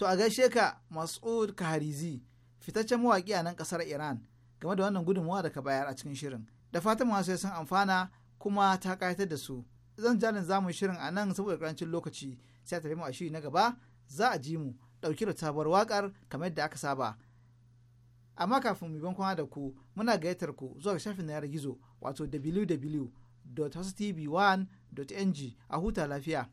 To a gaishe ka Mas'ud Kaharizi fitaccen mawaƙi a nan ƙasar Iran game da wannan gudunmawa da ka bayar a cikin shirin. Da fatan masu sun amfana kuma ta ƙayatar da su. Zan jalin zamun shirin a nan saboda ƙarancin lokaci sai a tafi mu a shiri na gaba za a ji mu ɗauki da sabuwar waƙar kamar yadda aka saba. Amma kafin mu kwana da ku muna gayyatar ku zuwa ga shafin na yanar gizo wato www.hostv1.ng a huta lafiya.